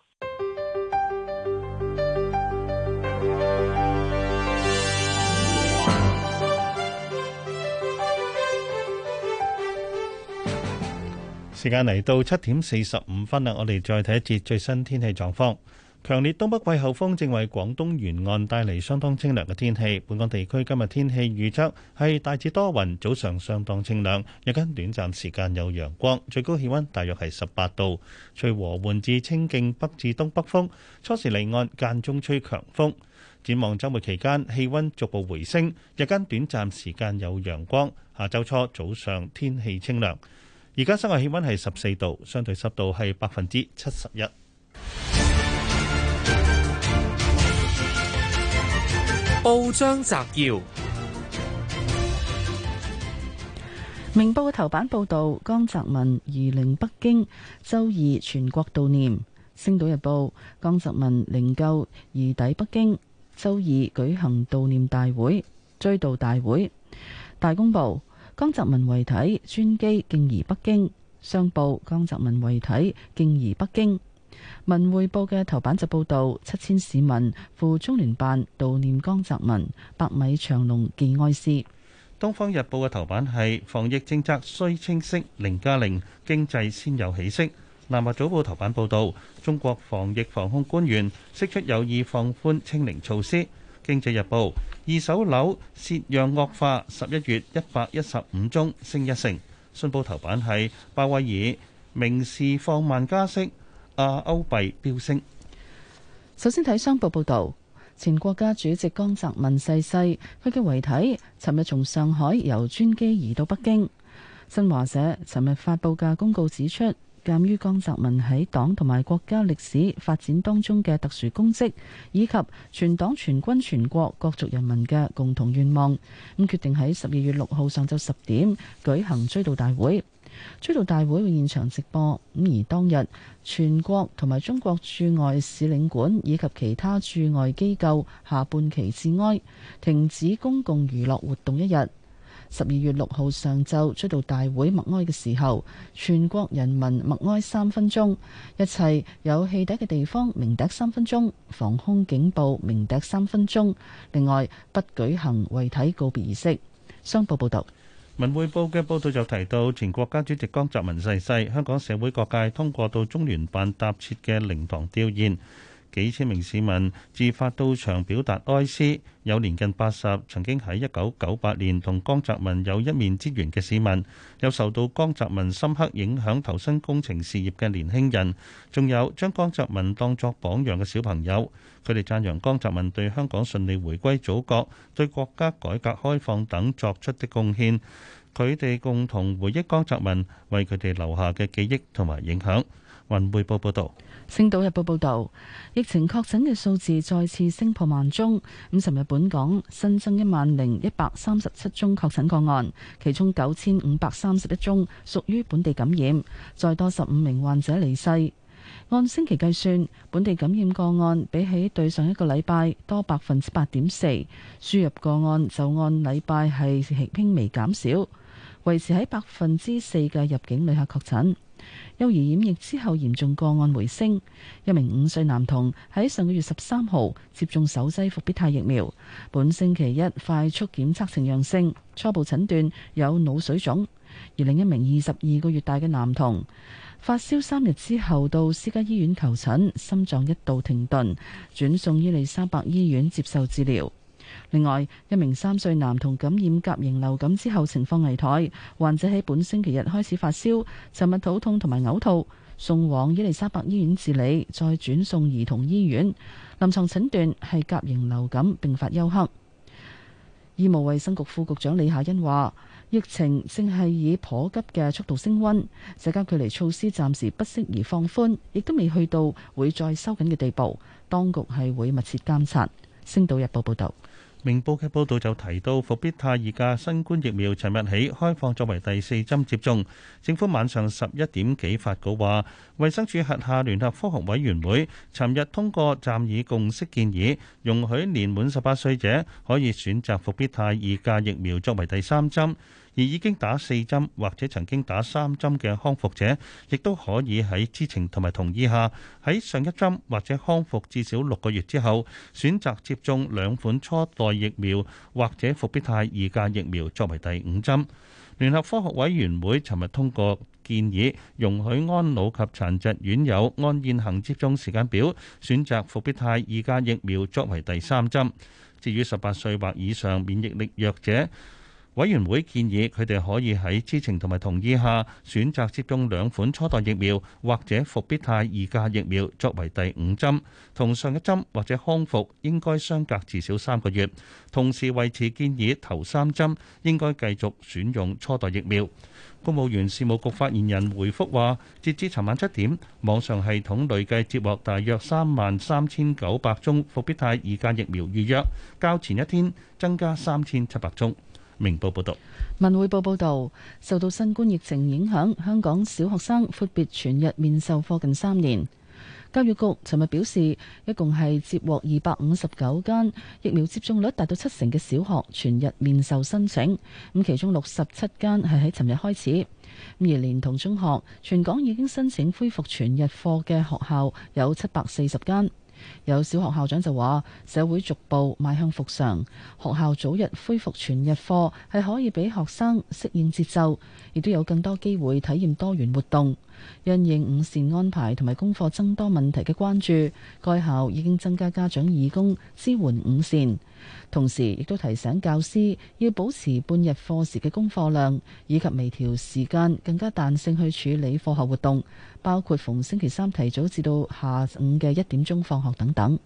時間嚟到七點四十五分啦，我哋再睇一節最新天氣狀況。強烈東北季候風正為廣東沿岸帶嚟相當清涼嘅天氣。本港地區今日天，天氣預測係大致多雲，早上相當清涼，日間短暫時間有陽光，最高氣温大約係十八度，隨和緩至清勁北至東北風，初時離岸間中吹強風。展望周末期間氣温逐步回升，日間短暫時間有陽光。下周初早上天氣清涼，而家室外氣温係十四度，相對濕度係百分之七十一。報章摘要：明報頭版報道江澤民移靈北京，周二全國悼念。星島日報江澤民靈柩移抵北京，周二舉行悼念大會、追悼大會。大公報江澤民遺體專機敬移北京。商報江澤民遺體敬移北京。文匯報嘅頭版就報道七千市民赴中聯辦悼念江澤民，百米長龍寄哀思。東方日報嘅頭版係防疫政策需清晰，零加零經濟先有起色。南華早報頭版報道中國防疫防控官員釋出有意放寬清零措施。經濟日報二手樓涉讓惡化，十一月一百一十五宗升一成。信報頭版係鮑威爾明示放慢加息。啊！歐幣飆升。首先睇商報報導，前國家主席江澤民逝世，世，佢嘅遺體尋日從上海由專機移到北京。新華社尋日發布嘅公告指出，鑑於江澤民喺黨同埋國家歷史發展當中嘅特殊功績，以及全黨全軍全國各族人民嘅共同願望，咁決定喺十二月六號上晝十點舉行追悼大會。追悼大會會現場直播，咁而當日全國同埋中國駐外使領館以及其他駐外機構下半旗致哀，停止公共娛樂活動一日。十二月六號上晝追悼大會默哀嘅時候，全國人民默哀三分鐘，一切有汽笛嘅地方鳴笛三分鐘，防空警報鳴笛三分鐘。另外，不舉行遺體告別儀式。商報報道。文匯報嘅報道就提到，前國家主席江澤民逝世，香港社會各界通過到中聯辦搭設嘅靈堂弔唁。幾千名市民自發到場表達哀思，有年近八十曾經喺一九九八年同江澤民有一面之緣嘅市民，有受到江澤民深刻影響投身工程事業嘅年輕人，仲有將江澤民當作榜樣嘅小朋友。佢哋讚揚江澤民對香港順利回歸祖國、對國家改革開放等作出的貢獻。佢哋共同回憶江澤民為佢哋留下嘅記憶同埋影響。文匯報報導。星島日報報道，疫情確診嘅數字再次升破萬宗。五十日本港新增一萬零一百三十七宗確診個案，其中九千五百三十一宗屬於本地感染，再多十五名患者離世。按星期計算，本地感染個案比起對上一個禮拜多百分之八點四，輸入個案就按禮拜係輕微減少，維持喺百分之四嘅入境旅客確診。幼兒染疫之後嚴重個案回升，一名五歲男童喺上個月十三號接種首劑復必泰疫苗，本星期一快速檢測呈陽性，初步診斷有腦水腫。而另一名二十二個月大嘅男童，發燒三日之後到私家醫院求診，心臟一度停頓，轉送伊利沙伯醫院接受治療。另外，一名三歲男童感染甲型流感之後情況危殆。患者喺本星期日開始發燒，尋日肚痛同埋嘔吐，送往伊利沙伯醫院治理，再轉送兒童醫院。臨床診斷係甲型流感並發休克。醫務衛生局副局長李夏欣話：疫情正係以頗急嘅速度升溫，社交距離措施暫時不適宜放寬，亦都未去到會再收緊嘅地步。當局係會密切監察。星島日報報道。明報嘅報道就提到，復必泰二價新冠疫苗尋日起開放作為第四針接種。政府晚上十一點幾發稿話，衛生署轄下聯合科學委員會尋日通過暫以共識建議，容許年滿十八歲者可以選擇復必泰二價疫苗作為第三針。而已經打四針或者曾經打三針嘅康復者，亦都可以喺知情同埋同意下，喺上一針或者康復至少六個月之後，選擇接種兩款初代疫苗或者復必泰二價疫苗作為第五針。聯合科學委員會尋日通過建議，容許安老及殘疾院友按現行接種時間表，選擇復必泰二價疫苗作為第三針。至於十八歲或以上免疫力弱者，委員會建議佢哋可以喺知情同埋同意下選擇接種兩款初代疫苗或者復必泰二價疫苗作為第五針，同上一針或者康復應該相隔至少三個月。同時，維持建議頭三針應該繼續選用初代疫苗。公務員事務局發言人回覆話，截至尋晚七點，網上系統累計接獲大約三萬三千九百宗復必泰二價疫苗預約，較前一天增加三千七百宗。明報報導，文匯報報道，受到新冠疫情影響，香港小學生闊別全日面授課近三年。教育局尋日表示，一共係接獲二百五十九間疫苗接種率達到七成嘅小學全日面授申請，咁其中六十七間係喺尋日開始，而連同中學，全港已經申請恢復全日課嘅學校有七百四十間。有小學校長就話，社會逐步邁向復常，學校早日恢復全日課，係可以俾學生適應節奏，亦都有更多機會體驗多元活動。因應午膳安排同埋功課增多問題嘅關注，該校已經增加家長義工支援午膳，同時亦都提醒教師要保持半日課時嘅功課量，以及微調時間，更加彈性去處理課後活動，包括逢星期三提早至到下午嘅一點鐘放學等等。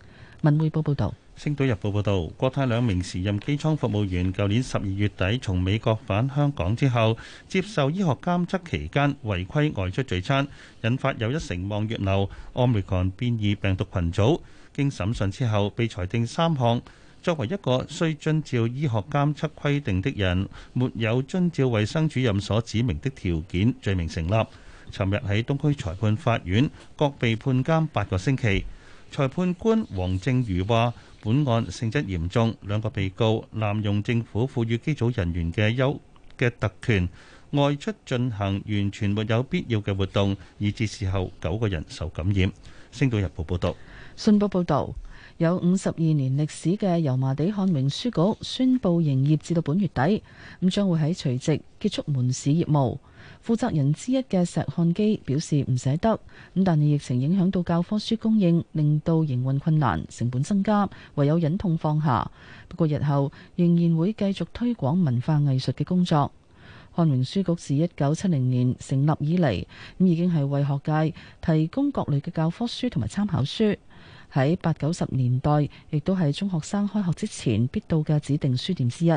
文匯報報道。《星島日報》報導，國泰兩名時任機艙服務員，舊年十二月底從美國返香港之後，接受醫學監測期間違規外出聚餐，引發有一成望月樓奧密克戎變異病毒群組。經審訊之後，被裁定三項作為一個需遵照醫學監測規定的人，沒有遵照衛生主任所指明的條件，罪名成立。尋日喺東區裁判法院，各被判監八個星期。裁判官黃正如話。本案性質嚴重，兩個被告濫用政府賦予機組人員嘅優嘅特權，外出進行完全沒有必要嘅活動，以至事後九個人受感染。星島日報報道：「信報報道，有五十二年歷史嘅油麻地漢榮書局宣布營業至到本月底，咁將會喺除夕結束門市業務。負責人之一嘅石漢基表示唔捨得，咁但係疫情影響到教科書供應，令到營運困難、成本增加，唯有忍痛放下。不過日後仍然會繼續推廣文化藝術嘅工作。漢榮書局自一九七零年成立以嚟，咁已經係為學界提供各類嘅教科書同埋參考書。喺八九十年代，亦都係中學生開學之前必到嘅指定書店之一。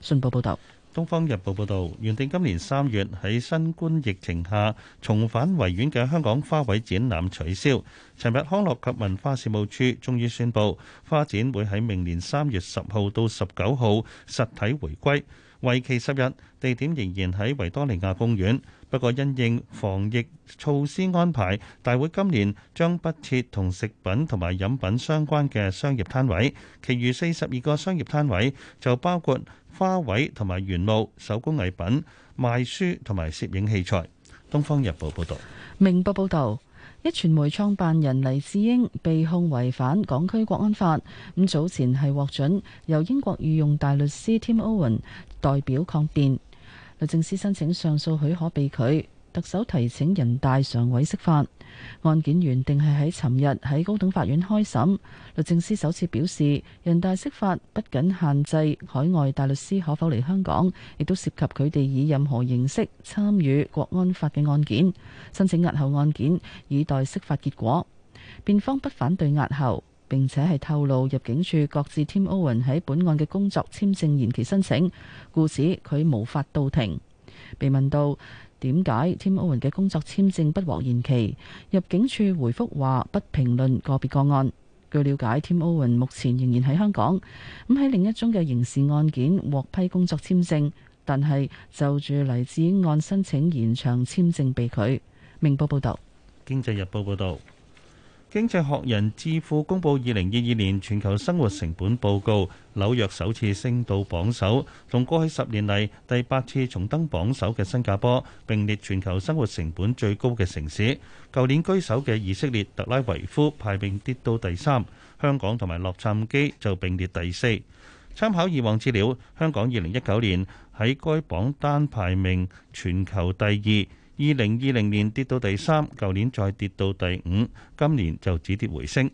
信報報道。《東方日報》報導，原定今年三月喺新冠疫情下重返維園嘅香港花卉展覽取消。尋日康樂及文化事務處終於宣布，花展會喺明年三月十號到十九號實體回歸，為期十日，地點仍然喺維多利亞公園。不過，因應防疫措施安排，大會今年將不設同食品同埋飲品相關嘅商業攤位，其餘四十二個商業攤位就包括花卉同埋原木、手工藝品、賣書同埋攝影器材。《東方日報》報道。《明報》報道，一傳媒創辦人黎智英被控違反港區國安法，咁早前係獲准由英國御用大律師 Tim Owen 代表抗辯。律政司申請上訴許可被拒，特首提請人大常委釋法。案件原定係喺尋日喺高等法院開審，律政司首次表示，人大釋法不僅限制海外大律師可否嚟香港，亦都涉及佢哋以任何形式參與國安法嘅案件，申請押後案件以待釋法結果。辯方不反對押後。並且係透露入境處各自添歐文喺本案嘅工作簽證延期申請，故此佢無法到庭。被問到點解添歐文嘅工作簽證不獲延期，入境處回覆話不評論個別個案。據瞭解，添歐文目前仍然喺香港。咁喺另一宗嘅刑事案件獲批工作簽證，但係就住黎智英案申請延長簽證被拒。明報報導，《經濟日報》報導。經濟學人智庫公佈二零二二年全球生活成本報告，紐約首次升到榜首，同過去十年嚟第八次重登榜首嘅新加坡並列全球生活成本最高嘅城市。舊年居首嘅以色列特拉維夫排名跌到第三，香港同埋洛杉磯就並列第四。參考以往資料，香港二零一九年喺該榜單排名全球第二。二零二零年跌到第三，舊年再跌到第五，今年就止跌回升。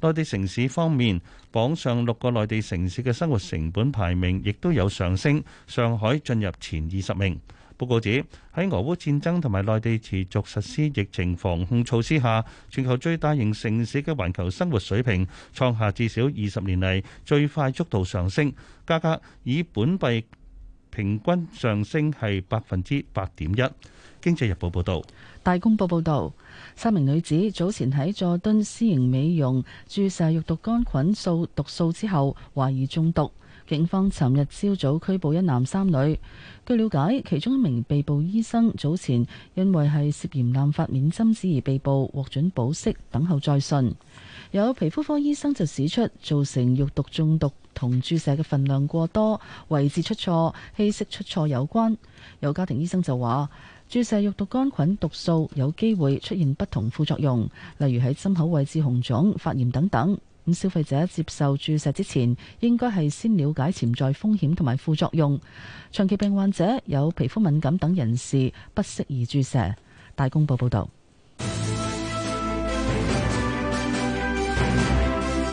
內地城市方面，榜上六個內地城市嘅生活成本排名亦都有上升，上海進入前二十名。報告指，喺俄烏戰爭同埋內地持續實施疫情防控措施下，全球最大型城市嘅環球生活水平創下至少二十年嚟最快速度上升，價格以本幣平均上升係百分之八點一。經濟日報報道，大公報報道，三名女子早前喺佐敦私營美容注射肉毒杆菌素毒素之後，懷疑中毒。警方尋日朝早拘捕一男三女。據了解，其中一名被捕醫生早前因為係涉嫌濫發免針紙而被捕，獲准保釋等候再訊。有皮膚科醫生就指出，造成肉毒中毒同注射嘅份量過多、位置出錯、稀釋出錯有關。有家庭醫生就話。注射肉毒桿菌毒素有機會出現不同副作用，例如喺針口位置紅腫發炎等等。咁消費者接受注射之前，應該係先了解潛在風險同埋副作用。長期病患者、有皮膚敏感等人士不適宜注射。大公報報導。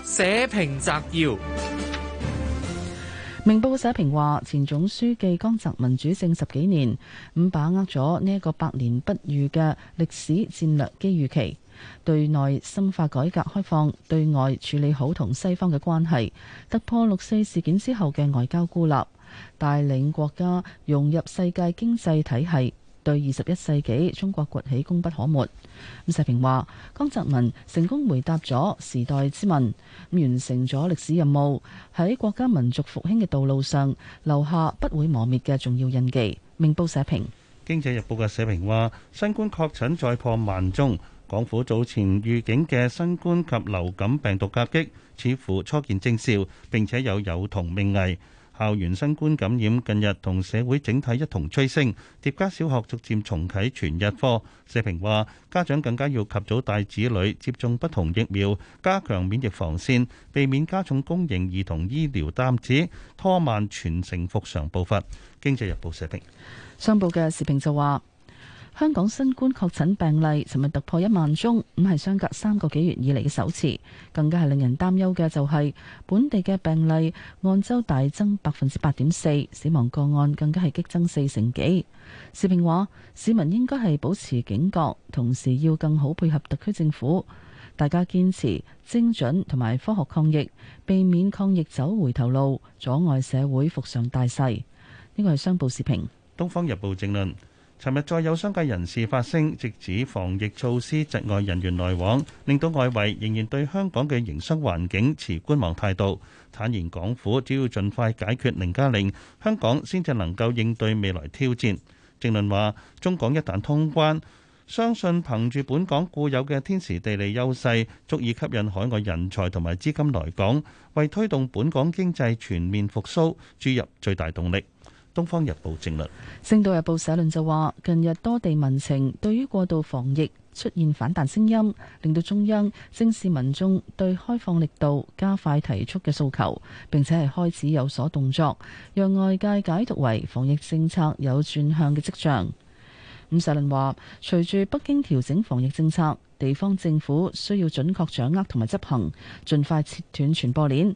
社評摘要。明報社評話：前總書記江澤民主政十幾年，咁把握咗呢一個百年不遇嘅歷史戰略機遇期，對內深化改革開放，對外處理好同西方嘅關係，突破六四事件之後嘅外交孤立，帶領國家融入世界經濟體系。對二十一世紀中國崛起功不可沒。咁社評話江澤民成功回答咗時代之問，咁完成咗歷史任務，喺國家民族復興嘅道路上留下不會磨滅嘅重要印記。明報社評，《經濟日報》嘅社評話，新冠確診再破萬宗，港府早前預警嘅新冠及流感病毒夾擊似乎初見徵兆，並且有有同命危。校園新冠感染近日同社會整體一同趨升，疊加小學逐漸重啟全日課。社評話：家長更加要及早帶子女接種不同疫苗，加強免疫防線，避免加重公營兒童醫療擔子，拖慢全城復常步伐。經濟日報社評，商報嘅時評就話。香港新冠確診病例尋日突破一萬宗，咁係相隔三個幾月以嚟嘅首次。更加係令人擔憂嘅就係本地嘅病例按周大增百分之八點四，死亡個案更加係激增四成幾。視平話市民應該係保持警覺，同時要更好配合特區政府，大家堅持精準同埋科學抗疫，避免抗疫走回頭路，阻礙社會復常大勢，呢個係商報視頻，東方日報政論。尋日再有商界人士發聲，直指防疫措施窒礙人員來往，令到外圍仍然對香港嘅營商環境持觀望態度。坦言港府只要盡快解決零加零，香港先至能夠應對未來挑戰。政論話：中港一旦通關，相信憑住本港固有嘅天時地利優勢，足以吸引海外人才同埋資金來港，為推動本港經濟全面復甦注入最大動力。《東方日報》正論，《星島日報》社論就話：近日多地民情對於過度防疫出現反彈聲音，令到中央正視民眾對開放力度加快提速嘅訴求，並且係開始有所動作，讓外界解讀為防疫政策有轉向嘅跡象。咁社論話：隨住北京調整防疫政策。地方政府需要準確掌握同埋執行，盡快切斷傳播鏈，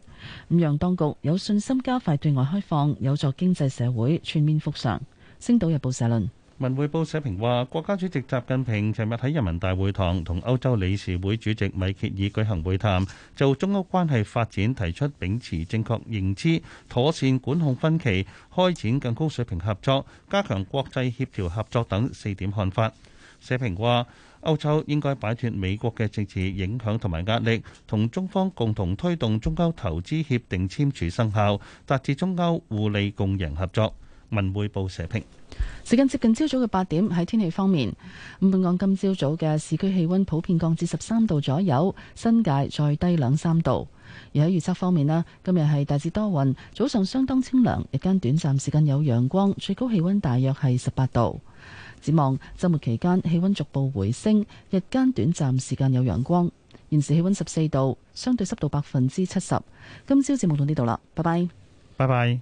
咁讓當局有信心加快對外開放，有助經濟社會全面復常。星島日報社論。文匯報社評話，國家主席習近平尋日喺人民大會堂同歐洲理事會主席米歇爾舉行會談，就中歐關係發展提出秉持正確認知、妥善管控分歧、開展更高水平合作、加強國際協調合作等四點看法。社評話。歐洲應該擺脱美國嘅政治影響同埋壓力，同中方共同推動中歐投資協定簽署生效，達至中歐互利共贏合作。文匯報社評。時間接近朝早嘅八點，喺天氣方面，咁本港今朝早嘅市區氣温普遍降至十三度左右，新界再低兩三度。而喺預測方面呢，今日係大致多雲，早上相當清涼，日間短暫時間有陽光，最高氣温大約係十八度。展望周末期間氣溫逐步回升，日間短暫時間有陽光。現時氣溫十四度，相對濕度百分之七十。今朝節目到呢度啦，拜拜，拜拜。